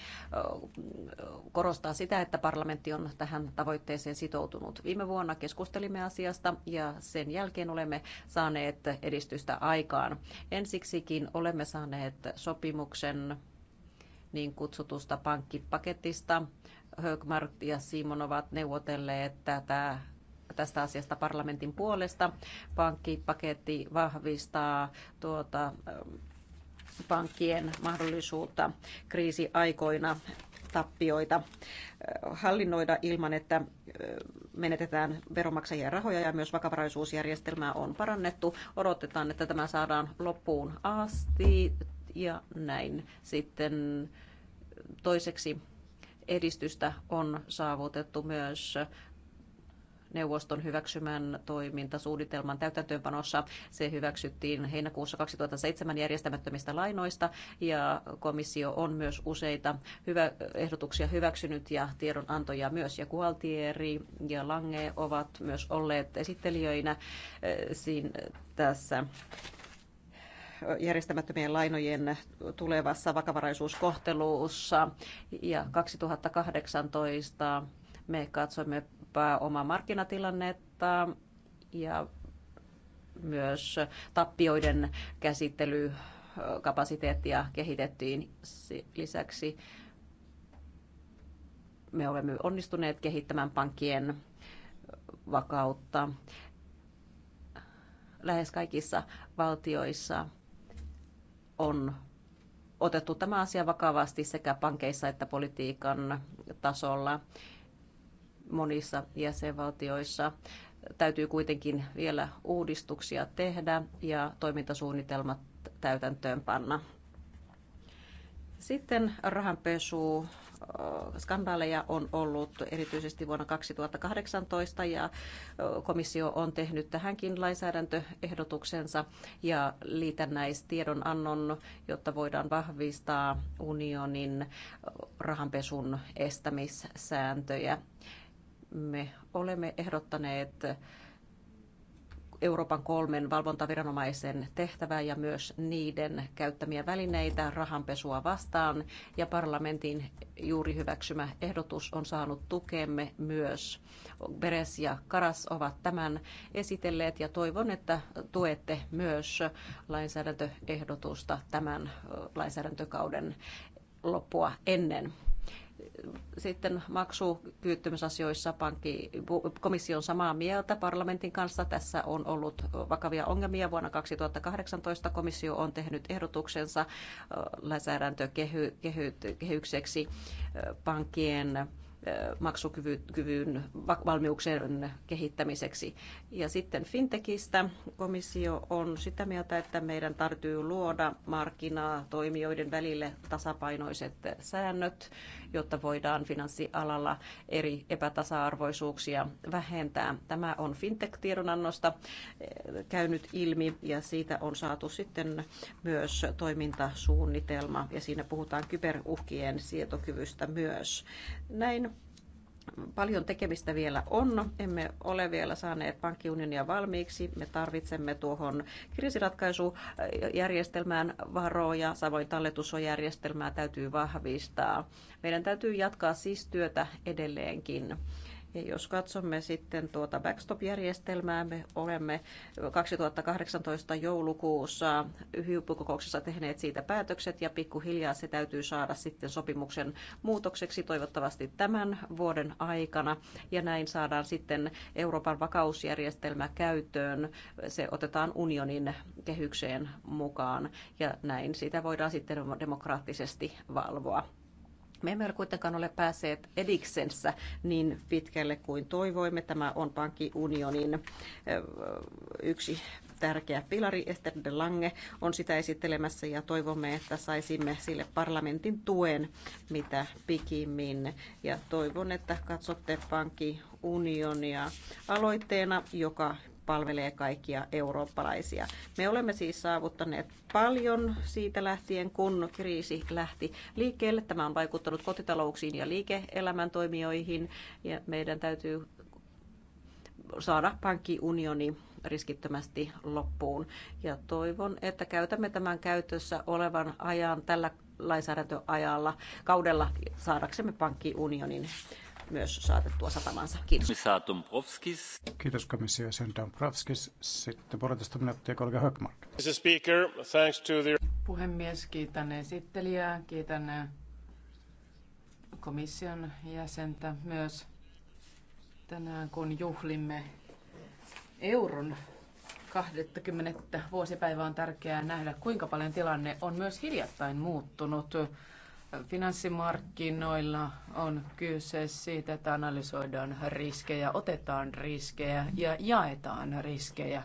korostaa sitä, että parlamentti on tähän tavoitteeseen sitoutunut. Viime vuonna keskustelimme asiasta ja sen jälkeen olemme saaneet edistystä aikaan. Ensiksikin olemme saaneet sopimuksen niin kutsutusta pankkipaketista. Högmark ja Simon ovat neuvotelleet tätä tästä asiasta parlamentin puolesta. Pankkipaketti vahvistaa tuota ähm, pankkien mahdollisuutta kriisiaikoina tappioita äh, hallinnoida ilman, että äh, menetetään veronmaksajien rahoja ja myös vakavaraisuusjärjestelmää on parannettu. Odotetaan, että tämä saadaan loppuun asti ja näin sitten toiseksi edistystä on saavutettu myös neuvoston hyväksymän toimintasuunnitelman täytäntöönpanossa. Se hyväksyttiin heinäkuussa 2007 järjestämättömistä lainoista ja komissio on myös useita hyvä, ehdotuksia hyväksynyt ja tiedonantoja myös. Ja Gualtieri ja Lange ovat myös olleet esittelijöinä eh, siinä, tässä eh, järjestämättömien lainojen tulevassa vakavaraisuuskohtelussa ja 2018 me katsoimme omaa markkinatilannetta ja myös tappioiden käsittelykapasiteettia kehitettiin lisäksi. Me olemme onnistuneet kehittämään pankkien vakautta lähes kaikissa valtioissa on otettu tämä asia vakavasti sekä pankeissa että politiikan tasolla monissa jäsenvaltioissa. Täytyy kuitenkin vielä uudistuksia tehdä ja toimintasuunnitelmat täytäntöön panna. Sitten rahanpesu äh, skandaaleja on ollut erityisesti vuonna 2018 ja äh, komissio on tehnyt tähänkin lainsäädäntöehdotuksensa ja liitännäistiedonannon, jotta voidaan vahvistaa unionin äh, rahanpesun estämissääntöjä me olemme ehdottaneet Euroopan kolmen valvontaviranomaisen tehtävää ja myös niiden käyttämiä välineitä rahanpesua vastaan. Ja parlamentin juuri hyväksymä ehdotus on saanut tukemme myös. Beres ja Karas ovat tämän esitelleet ja toivon, että tuette myös lainsäädäntöehdotusta tämän lainsäädäntökauden loppua ennen. Sitten maksukyyttymysasioissa pankki, komissio on samaa mieltä parlamentin kanssa. Tässä on ollut vakavia ongelmia. Vuonna 2018 komissio on tehnyt ehdotuksensa lainsäädäntökehykseksi pankkien maksukyvyn valmiuksen kehittämiseksi. Ja sitten fintechistä komissio on sitä mieltä, että meidän täytyy luoda markkinaa toimijoiden välille tasapainoiset säännöt jotta voidaan finanssialalla eri epätasa-arvoisuuksia vähentää. Tämä on fintech-tiedonannosta eh, käynyt ilmi ja siitä on saatu sitten myös toimintasuunnitelma ja siinä puhutaan kyberuhkien sietokyvystä myös. Näin paljon tekemistä vielä on. Emme ole vielä saaneet pankkiunionia valmiiksi. Me tarvitsemme tuohon kriisiratkaisujärjestelmään varoja, samoin talletussuojajärjestelmää täytyy vahvistaa. Meidän täytyy jatkaa siis työtä edelleenkin. Ja jos katsomme sitten tuota backstop-järjestelmää, me olemme 2018 joulukuussa huippukokouksessa tehneet siitä päätökset ja pikkuhiljaa se täytyy saada sitten sopimuksen muutokseksi toivottavasti tämän vuoden aikana. Ja näin saadaan sitten Euroopan vakausjärjestelmä käyttöön. Se otetaan unionin kehykseen mukaan ja näin sitä voidaan sitten demokraattisesti valvoa. Me emme ole kuitenkaan ole päässeet ediksensä niin pitkälle kuin toivoimme. Tämä on pankkiunionin yksi tärkeä pilari. Ester de Lange on sitä esittelemässä ja toivomme, että saisimme sille parlamentin tuen mitä pikimmin. Ja toivon, että katsotte pankkiunionia aloitteena, joka palvelee kaikkia eurooppalaisia. Me olemme siis saavuttaneet paljon siitä lähtien, kun kriisi lähti liikkeelle. Tämä on vaikuttanut kotitalouksiin ja liike-elämän toimijoihin ja meidän täytyy saada pankkiunioni riskittömästi loppuun. Ja toivon, että käytämme tämän käytössä olevan ajan tällä lainsäädäntöajalla kaudella saadaksemme pankkiunionin myös saatettua satamansa. Kiitos. Kiitos komissio jäsen Dombrovskis. Sitten puolitoista minuuttia kollega Höckmark. Puhemies, kiitän esittelijää, kiitän äh, komission jäsentä myös tänään, kun juhlimme euron 20. vuosipäivä on tärkeää nähdä, kuinka paljon tilanne on myös hiljattain muuttunut. Finanssimarkkinoilla on kyse siitä, että analysoidaan riskejä, otetaan riskejä ja jaetaan riskejä.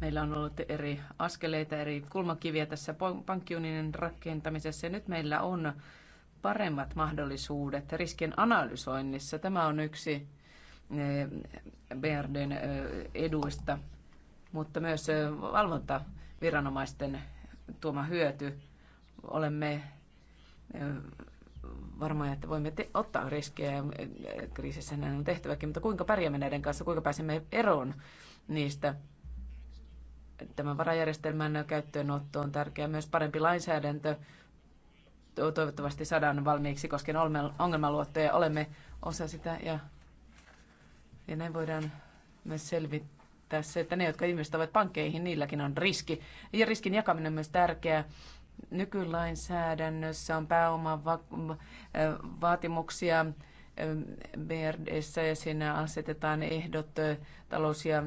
Meillä on ollut eri askeleita, eri kulmakiviä tässä pankkiunionin rakentamisessa ja nyt meillä on paremmat mahdollisuudet riskien analysoinnissa. Tämä on yksi eh, BRDn eh, eduista, mutta myös eh, valvontaviranomaisten tuoma hyöty. Olemme varmoja, että voimme te- ottaa riskejä, kriisissä näin on tehtäväkin, mutta kuinka pärjäämme näiden kanssa, kuinka pääsemme eroon niistä. Tämän varajärjestelmän käyttöönotto on tärkeää, myös parempi lainsäädäntö toivottavasti saadaan valmiiksi koskien ongelmaluottoja. Olemme osa sitä ja, ja näin voidaan myös selvittää välttää se, että ne, jotka investoivat pankkeihin, niilläkin on riski. Ja riskin jakaminen on myös tärkeää. Nykylainsäädännössä on pääoman va- vaatimuksia BRDssä ja siinä asetetaan ehdot talous- ja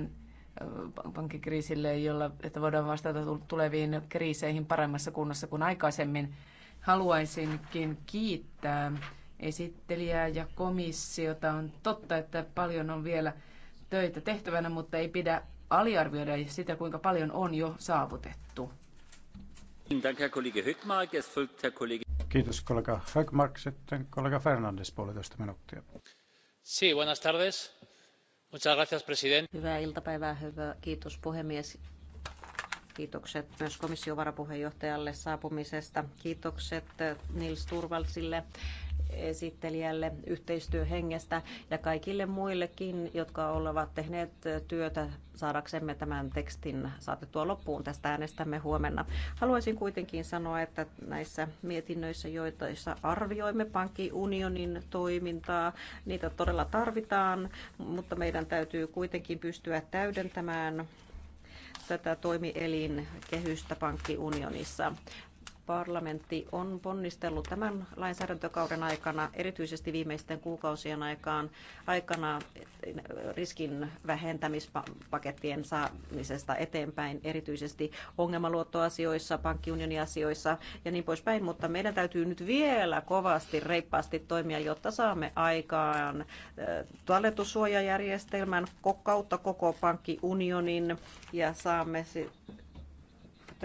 pankkikriisille, jolla, että voidaan vastata tuleviin kriiseihin paremmassa kunnossa kuin aikaisemmin. Haluaisinkin kiittää esittelijää ja komissiota. On totta, että paljon on vielä töitä tehtävänä, mutta ei pidä aliarvioida sitä, kuinka paljon on jo saavutettu. Kiitos kollega Högmark. Sitten kollega Fernandes puolitoista minuuttia. Sí, buenas tardes. Muchas gracias, presidente. Hyvää iltapäivää, hyvä. Kiitos puhemies. Kiitokset myös komission varapuheenjohtajalle saapumisesta. Kiitokset eh, Nils Turvalsille esittelijälle yhteistyöhengestä ja kaikille muillekin, jotka ovat tehneet työtä saadaksemme tämän tekstin saatettua loppuun. Tästä äänestämme huomenna. Haluaisin kuitenkin sanoa, että näissä mietinnöissä, joita arvioimme pankkiunionin toimintaa, niitä todella tarvitaan, mutta meidän täytyy kuitenkin pystyä täydentämään tätä toimielin kehystä pankkiunionissa parlamentti on ponnistellut tämän lainsäädäntökauden aikana, erityisesti viimeisten kuukausien aikaan, aikana eh, riskin vähentämispakettien saamisesta eteenpäin, erityisesti ongelmaluottoasioissa, pankkiunioniasioissa ja niin poispäin, mutta meidän täytyy nyt vielä kovasti, reippaasti toimia, jotta saamme aikaan eh, talletussuojajärjestelmän kautta koko pankkiunionin ja saamme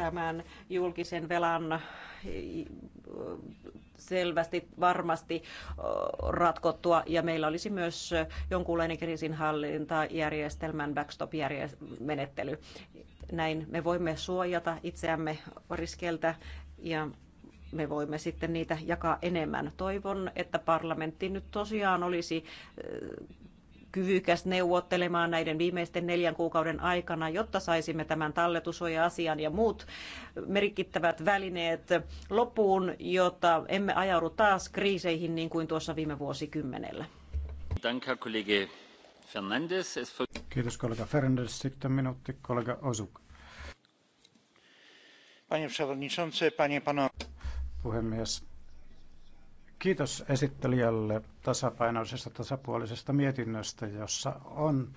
tämän julkisen velan äh, selvästi varmasti äh, ratkottua ja meillä olisi myös äh, jonkunlainen kriisinhallintajärjestelmän backstop-menettely. Näin me voimme suojata itseämme riskeltä ja me voimme sitten niitä jakaa enemmän. Toivon, että parlamentti nyt tosiaan olisi kyvykäs neuvottelemaan näiden viimeisten neljän kuukauden aikana, jotta saisimme tämän talletusuoja-asian ja muut merkittävät välineet loppuun, jotta emme ajaudu taas kriiseihin niin kuin tuossa viime vuosikymmenellä. Kiitos kollega Fernandes. Sitten minuutti kollega Osuk. Panie przewodniczący, panie panowie. Puhemies, Kiitos esittelijälle tasapainoisesta tasapuolisesta mietinnöstä, jossa on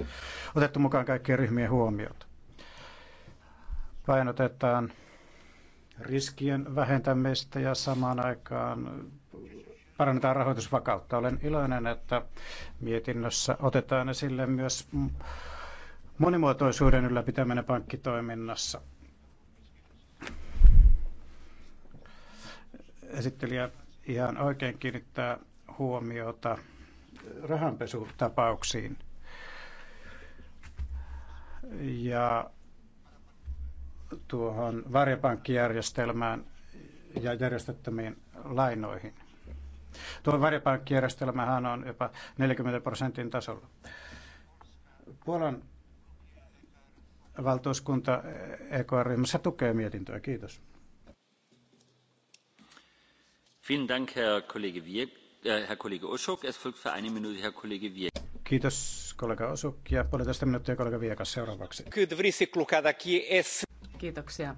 otettu mukaan kaikkien ryhmien huomiot. Painotetaan riskien vähentämistä ja samaan aikaan parannetaan rahoitusvakautta. Olen iloinen, että mietinnössä otetaan esille myös monimuotoisuuden ylläpitäminen pankkitoiminnassa. Esittelijä ihan oikein kiinnittää huomiota rahanpesutapauksiin. Ja tuohon varjopankkijärjestelmään ja järjestettömiin lainoihin. Tuo varjopankkijärjestelmähän on jopa 40 prosentin tasolla. Puolan valtuuskunta EKR-ryhmässä tukee mietintöä. Kiitos. Äh, Kiitos kollega Osuk ja puolitoista minuuttia kollega Viekas seuraavaksi. Kiitoksia.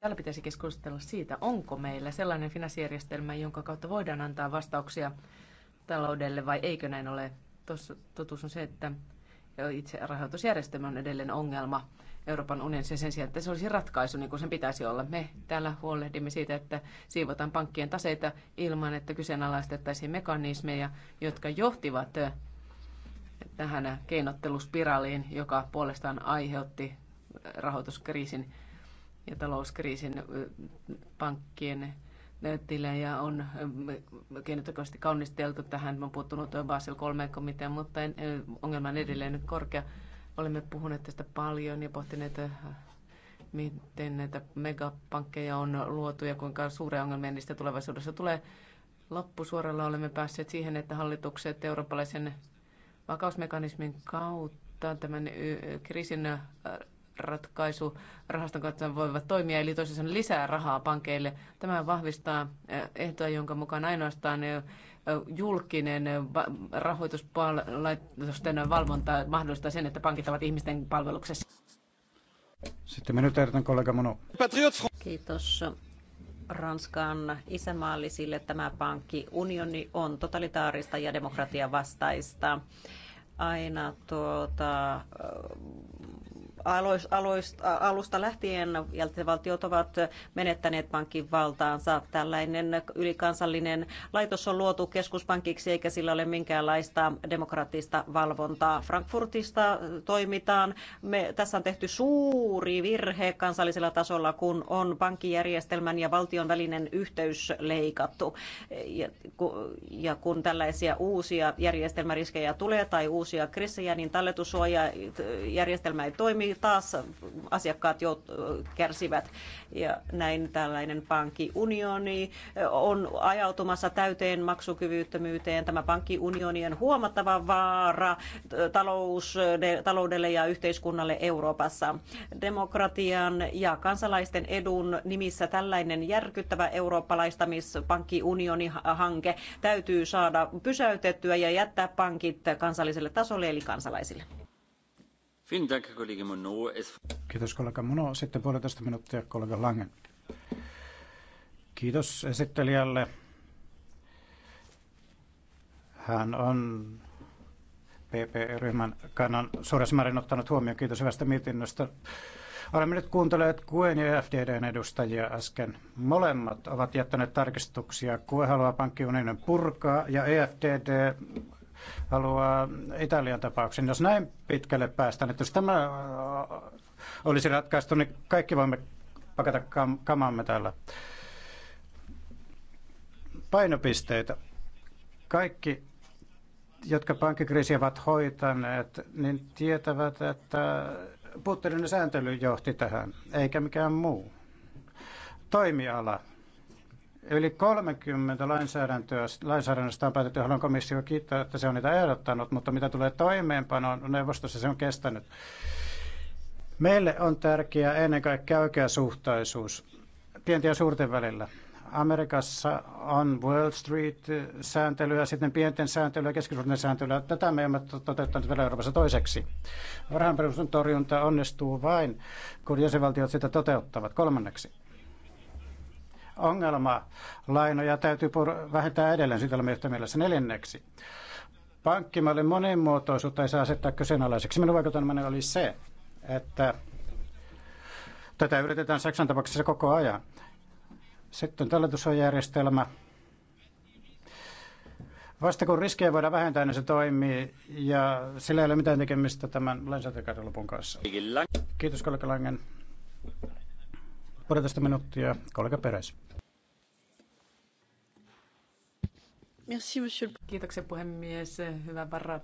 Täällä pitäisi keskustella siitä, onko meillä sellainen finanssijärjestelmä, jonka kautta voidaan antaa vastauksia taloudelle vai eikö näin ole. Totuus on se, että itse rahoitusjärjestelmä on edelleen ongelma Euroopan unionissa sen sijaan, että se olisi ratkaisu, niin kuin sen pitäisi olla. Me täällä huolehdimme siitä, että siivotaan pankkien taseita ilman, että kyseenalaistettaisiin mekanismeja, jotka johtivat eh, tähän keinotteluspiraaliin, joka puolestaan aiheutti eh, rahoituskriisin ja talouskriisin eh, pankkien tilejä on keinotekoisesti kaunisteltu. Tähän on puuttunut Basel 3 komitea, mutta ongelma on edelleen nyt korkea. Olemme puhuneet tästä paljon ja pohtineet, äh, miten näitä megapankkeja on luotu ja kuinka suuria ongelmia niistä tulevaisuudessa tulee. Loppusuoralla olemme päässeet siihen, että hallitukset eurooppalaisen vakausmekanismin kautta tämän kriisin äh, ratkaisu rahaston kautta voivat toimia, eli tosiaan lisää rahaa pankeille. Tämä vahvistaa eh, ehtoja, jonka mukaan ainoastaan eh, julkinen rahoituslaitosten valvonta mahdollistaa sen, että pankit ovat ihmisten palveluksessa. Sitten me nyt kollega Mono. Kiitos. Ranskan isämaallisille tämä pankki unioni on totalitaarista ja demokratian vastaista. Aina tuota, alusta lähtien jäsenvaltiot ovat menettäneet pankin valtaansa. Tällainen ylikansallinen laitos on luotu keskuspankiksi eikä sillä ole minkäänlaista demokraattista valvontaa. Frankfurtista toimitaan. Me, tässä on tehty suuri virhe kansallisella tasolla, kun on pankkijärjestelmän ja valtion välinen yhteys leikattu. Ja, ja kun tällaisia uusia järjestelmäriskejä tulee tai uusia kriisejä, niin talletussuojajärjestelmä ei toimi niin taas asiakkaat jout, kärsivät. Ja näin tällainen pankkiunioni on ajautumassa täyteen maksukyvyttömyyteen. Tämä pankkiunioni on huomattava vaara talous, taloudelle ja yhteiskunnalle Euroopassa. Demokratian ja kansalaisten edun nimissä tällainen järkyttävä eurooppalaistamispankkiunioni-hanke täytyy saada pysäytettyä ja jättää pankit kansalliselle tasolle eli kansalaisille. Kiitos kollega Mono. Sitten puolitoista minuuttia kollega Langen. Kiitos esittelijälle. Hän on PP-ryhmän kannan suuressa määrin ottanut huomioon. Kiitos hyvästä mietinnöstä. Olemme nyt kuunteleet Kuen ja FDDn edustajia äsken. Molemmat ovat jättäneet tarkistuksia. Kue haluaa pankkiunionin purkaa ja EFDD haluaa Italian tapauksen. Jos näin pitkälle päästään, että jos tämä äh, olisi ratkaistu, niin kaikki voimme pakata kam- kamamme täällä. Painopisteitä. Kaikki, jotka pankkikriisiä ovat hoitaneet, niin tietävät, että puutteellinen sääntely johti tähän, eikä mikään muu. Toimiala Yli 30 lainsäädäntöä, lainsäädännöstä on päätetty, haluan komissio kiittää, että se on niitä ehdottanut, mutta mitä tulee toimeenpanoon no neuvostossa, se on kestänyt. Meille on tärkeää ennen kaikkea oikeasuhtaisuus pienten ja suurten välillä. Amerikassa on Wall Street-sääntelyä, sitten pienten sääntelyä, keskisuurten sääntelyä. Tätä me emme toteuttaneet vielä Euroopassa toiseksi. Varhainperustun torjunta onnistuu vain, kun jäsenvaltiot sitä toteuttavat kolmanneksi lainoja täytyy vähentää edelleen, sitä olemme yhtä mielessä neljänneksi. Pankkimallin monimuotoisuutta ei saa asettaa kyseenalaiseksi. Minun vaikutelmani oli se, että tätä yritetään Saksan tapauksessa koko ajan. Sitten talletussuojajärjestelmä. Vasta kun riskejä voidaan vähentää, niin se toimii ja sillä ei ole mitään tekemistä tämän lainsäädäntökauden lopun kanssa. Kiitos kollega Langen puolitoista minuuttia. Kollega Peres. Kiitoksia puhemies. Hyvä varra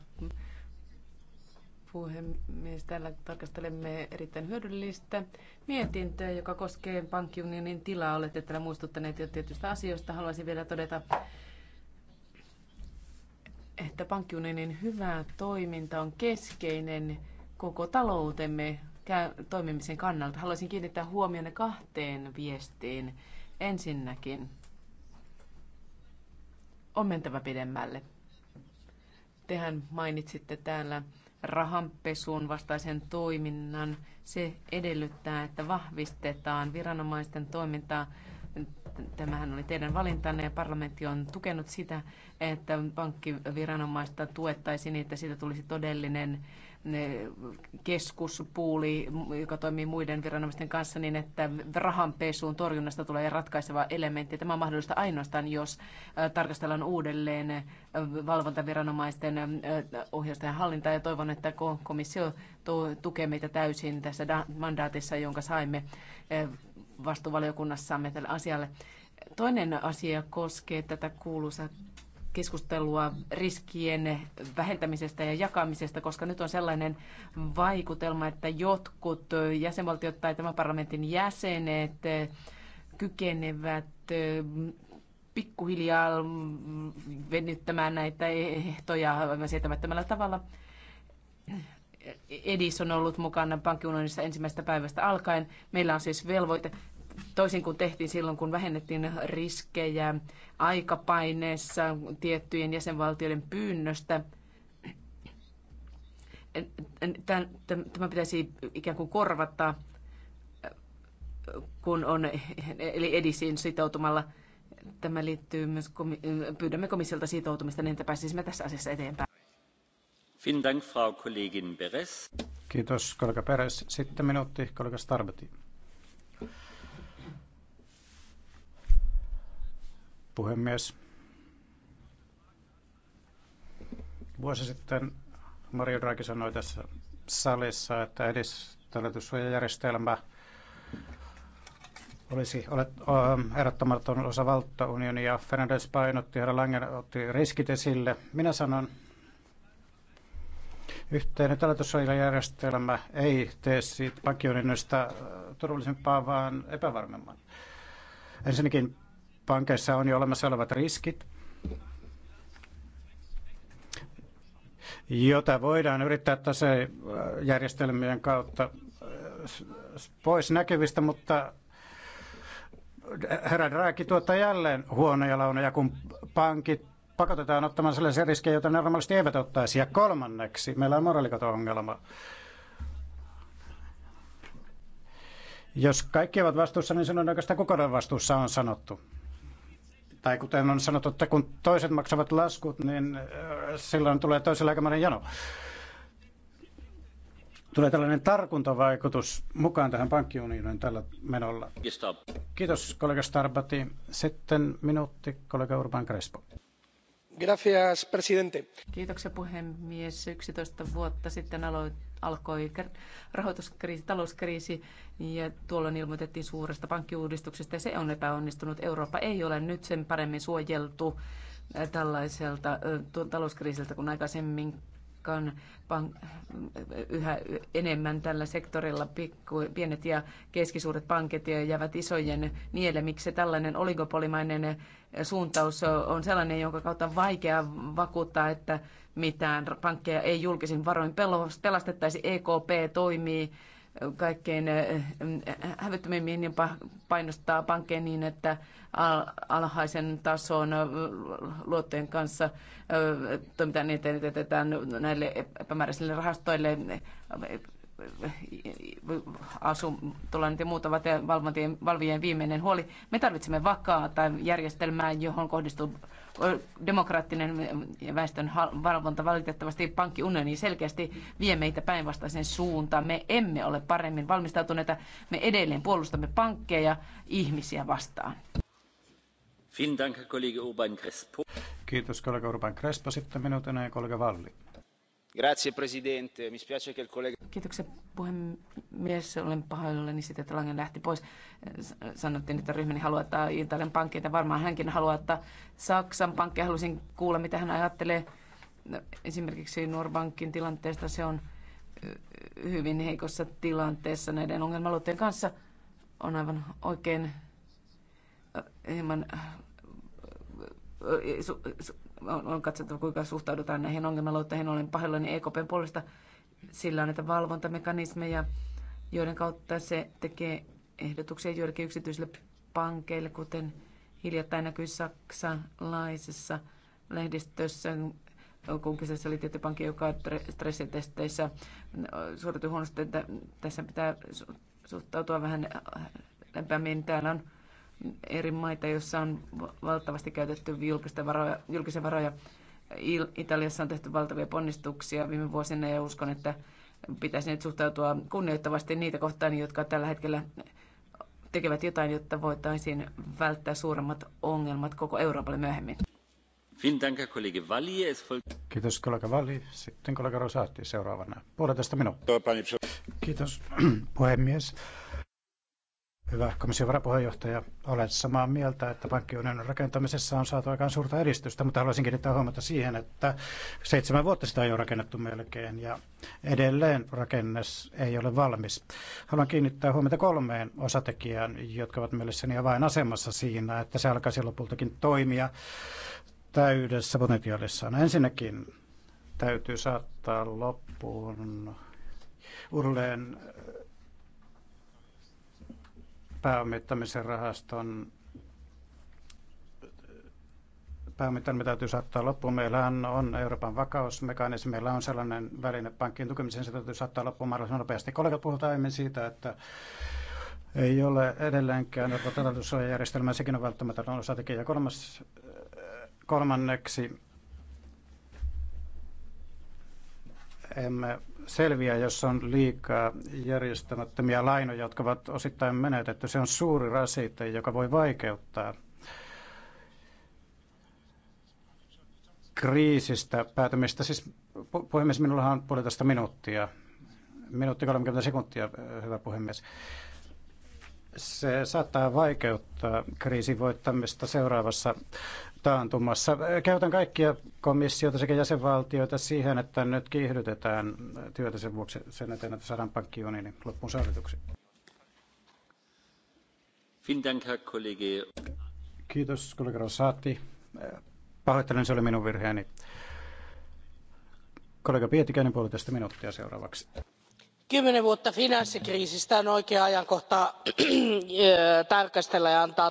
puhemies. Täällä tarkastelemme erittäin hyödyllistä mietintöä, joka koskee pankkiunionin tilaa. Olette täällä muistuttaneet jo tietystä asioista. Haluaisin vielä todeta, että pankkiunionin hyvä toiminta on keskeinen koko taloutemme toimimisen kannalta. Haluaisin kiinnittää huomioon kahteen viestiin. Ensinnäkin on mentävä pidemmälle. Tehän mainitsitte täällä rahanpesuun vastaisen toiminnan. Se edellyttää, että vahvistetaan viranomaisten toimintaa. Tämähän oli teidän valintanne ja parlamentti on tukenut sitä, että pankkiviranomaista tuettaisiin, niin, että siitä tulisi todellinen keskuspuuli, joka toimii muiden viranomaisten kanssa niin, että rahanpesuun torjunnasta tulee ratkaiseva elementti. Tämä on mahdollista ainoastaan, jos tarkastellaan uudelleen valvontaviranomaisten ohjausta ja hallintaa ja toivon, että komissio tukee meitä täysin tässä mandaatissa, jonka saimme vastuuvaliokunnassamme tälle asialle. Toinen asia koskee tätä kuuluisaa keskustelua riskien vähentämisestä ja jakamisesta, koska nyt on sellainen vaikutelma, että jotkut jäsenvaltiot tai tämän parlamentin jäsenet kykenevät pikkuhiljaa venyttämään näitä ehtoja sietämättömällä tavalla. Edis on ollut mukana pankkiunionissa ensimmäisestä päivästä alkaen. Meillä on siis velvoite toisin kuin tehtiin silloin, kun vähennettiin riskejä aikapaineessa tiettyjen jäsenvaltioiden pyynnöstä. Tämä pitäisi ikään kuin korvata, kun on, eli edisiin sitoutumalla. Tämä liittyy myös, pyydämme komissiolta sitoutumista, niin että pääsisimme tässä asiassa eteenpäin. Dank, Frau Kollegin Beres. Kiitos, kollega Peres. Sitten minuutti, kollega Starbati. puhemies. Vuosi sitten Mario Draghi sanoi tässä salissa, että edistalletussuojajärjestelmä olisi olet, ähm, erottamaton osa valtaunionia. Fernandes painotti, herra Langen otti riskit esille. Minä sanon, yhteinen talletussuojajärjestelmä ei tee siitä pankkiunionista äh, turvallisempaa, vaan epävarmemman. Ensinnäkin pankeissa on jo olemassa olevat riskit, jota voidaan yrittää tasejärjestelmien kautta äh, pois näkyvistä, mutta herra Draghi tuottaa jälleen huonoja launoja, kun pankit pakotetaan ottamaan sellaisia riskejä, joita normaalisti eivät ottaisi. Ja kolmanneksi, meillä on moraalikato-ongelma. Jos kaikki ovat vastuussa, niin sanon oikeastaan kukaan vastuussa on sanottu tai kuten on sanottu, että kun toiset maksavat laskut, niin silloin tulee toisella aikamoinen jano. Tulee tällainen tarkuntavaikutus mukaan tähän pankkiunioniin tällä menolla. Kiitos kollega Starbati. Sitten minuutti kollega Urban Crespo. Gracias, presidente. Kiitoksia puhemies. 11 vuotta sitten aloitin alkoi rahoituskriisi, talouskriisi ja tuolloin ilmoitettiin suuresta pankkiuudistuksesta ja se on epäonnistunut. Eurooppa ei ole nyt sen paremmin suojeltu äh, tällaiselta talouskriisiltä kuin aikaisemmin Ranskan pank- yhä enemmän tällä sektorilla pikku, pienet ja keskisuuret pankit jäävät isojen nielemiksi. Tällainen oligopolimainen suuntaus on sellainen, jonka kautta on vaikea vakuuttaa, että mitään pankkeja ei julkisin varoin pelastettaisi. EKP toimii kaikkein eh, eh, hävyttömimmin ja painostaa pankkeja niin, että alhaisen tason eh, luottojen kanssa toimitaan niin, että jätetään näille epämääräisille rahastoille asuntolan ja muut ovat valvojien viimeinen huoli. Me tarvitsemme vakaata järjestelmää, johon kohdistuu demokraattinen väestön valvonta valitettavasti pankkiunioni selkeästi vie meitä päinvastaisen suuntaan. Me emme ole paremmin valmistautuneita. Me edelleen puolustamme pankkeja ihmisiä vastaan. Kiitos kollega Urban Crespo. Sitten minuutin kollega Valli. Kiitoksia puhemies. Olen pahoillani siitä, että Langen lähti pois. Sanottiin, että ryhmäni haluaa Italian pankkeita. Varmaan hänkin haluaa ottaa Saksan pankkeja. Halusin kuulla, mitä hän ajattelee no, esimerkiksi Norbankin tilanteesta. Se on hyvin heikossa tilanteessa näiden ongelmaluotteen kanssa. On aivan oikein hieman on, on katsottava, kuinka suhtaudutaan näihin ongelmaluotteihin. Olen pahoillani EKPn puolesta. Sillä on näitä valvontamekanismeja, joiden kautta se tekee ehdotuksia joillekin yksityisille pankeille, kuten hiljattain näkyi saksalaisessa lehdistössä, kun kyseessä oli tietty pankki, joka stressitesteissä suoritui huonosti, että tässä pitää suhtautua vähän lämpämin. Täällä on eri maita, joissa on valtavasti käytetty julkista varoja, julkisia varoja. Italiassa on tehty valtavia ponnistuksia viime vuosina ja uskon, että pitäisi nyt suhtautua kunnioittavasti niitä kohtaan, jotka tällä hetkellä tekevät jotain, jotta voitaisiin välttää suuremmat ongelmat koko Euroopalle myöhemmin. Kiitos kollega Valli. Sitten kollega Rosati seuraavana. Puolitoista minuuttia. Kiitos puhemies. Hyvä komission varapuheenjohtaja, olet samaa mieltä, että pankkiunionin rakentamisessa on saatu aikaan suurta edistystä, mutta haluaisin kiinnittää huomiota siihen, että seitsemän vuotta sitä ei ole rakennettu melkein ja edelleen rakennes ei ole valmis. Haluan kiinnittää huomiota kolmeen osatekijään, jotka ovat mielessäni avainasemassa siinä, että se alkaisi lopultakin toimia täydessä potentiaalissaan. Ensinnäkin täytyy saattaa loppuun urleen pääomittamisen rahaston pääomittaminen täytyy saattaa loppuun. Meillähän on Euroopan vakausmekanismi, meillä on sellainen väline pankkien tukemiseen, se täytyy saattaa loppuun mahdollisimman nopeasti. Kollegat puhutaan aiemmin siitä, että ei ole edelleenkään Euroopan taloudellisuusjärjestelmää, sekin on välttämätön osatekijä. Kolmas, kolmanneksi emme selviä, jos on liikaa järjestämättömiä lainoja, jotka ovat osittain menetetty. Se on suuri rasite, joka voi vaikeuttaa kriisistä päätämistä. Siis puhemies, minullahan on puolitoista minuuttia. Minuutti 30 sekuntia, hyvä puhemies. Se saattaa vaikeuttaa kriisin voittamista seuraavassa taantumassa. Käytän kaikkia komissiota sekä jäsenvaltioita siihen, että nyt kiihdytetään työtä sen vuoksi sen eteen, että saadaan pankkiunioni loppuun saavituksi. Kiitos, kollega Rosati. Pahoittelen, se oli minun virheeni. Kollega Pietikäinen, puolitoista minuuttia seuraavaksi kymmenen vuotta finanssikriisistä on oikea ajankohta äh, tarkastella ja antaa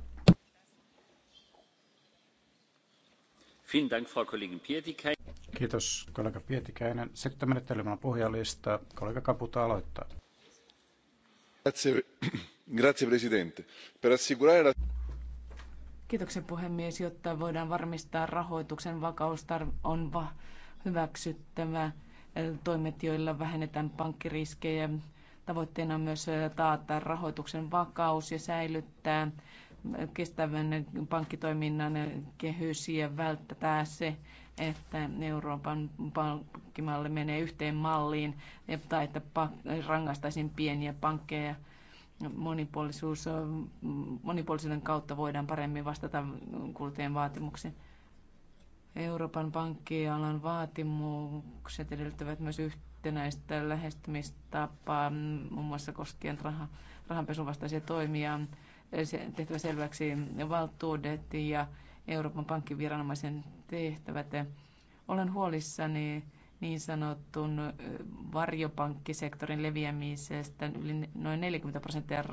Kiitos kollega Pietikäinen. Sitten menettelemään puhujalistaa. Kollega Kaputa aloittaa. Grazie, presidente. Kiitoksen puhemies, jotta voidaan varmistaa rahoituksen vakaus, on va- hyväksyttävä eh, toimet, joilla vähennetään pankkiriskejä. Tavoitteena on myös eh, taata rahoituksen vakaus ja säilyttää kestävän pankkitoiminnan kehys ja välttää se, että Euroopan pankkimalli menee yhteen malliin tai että rangaistaisiin pieniä pankkeja monipuolisuus, monipuolisuuden kautta voidaan paremmin vastata kuluttajien vaatimuksiin. Euroopan pankkialan vaatimukset edellyttävät myös yhtenäistä lähestymistapaa, muun muassa koskien rahanpesuvastaisia toimia tehtävä selväksi valtuudet ja Euroopan pankkiviranomaisen tehtävät. Olen huolissani niin sanotun varjopankkisektorin leviämisestä. Yli noin 40 prosenttia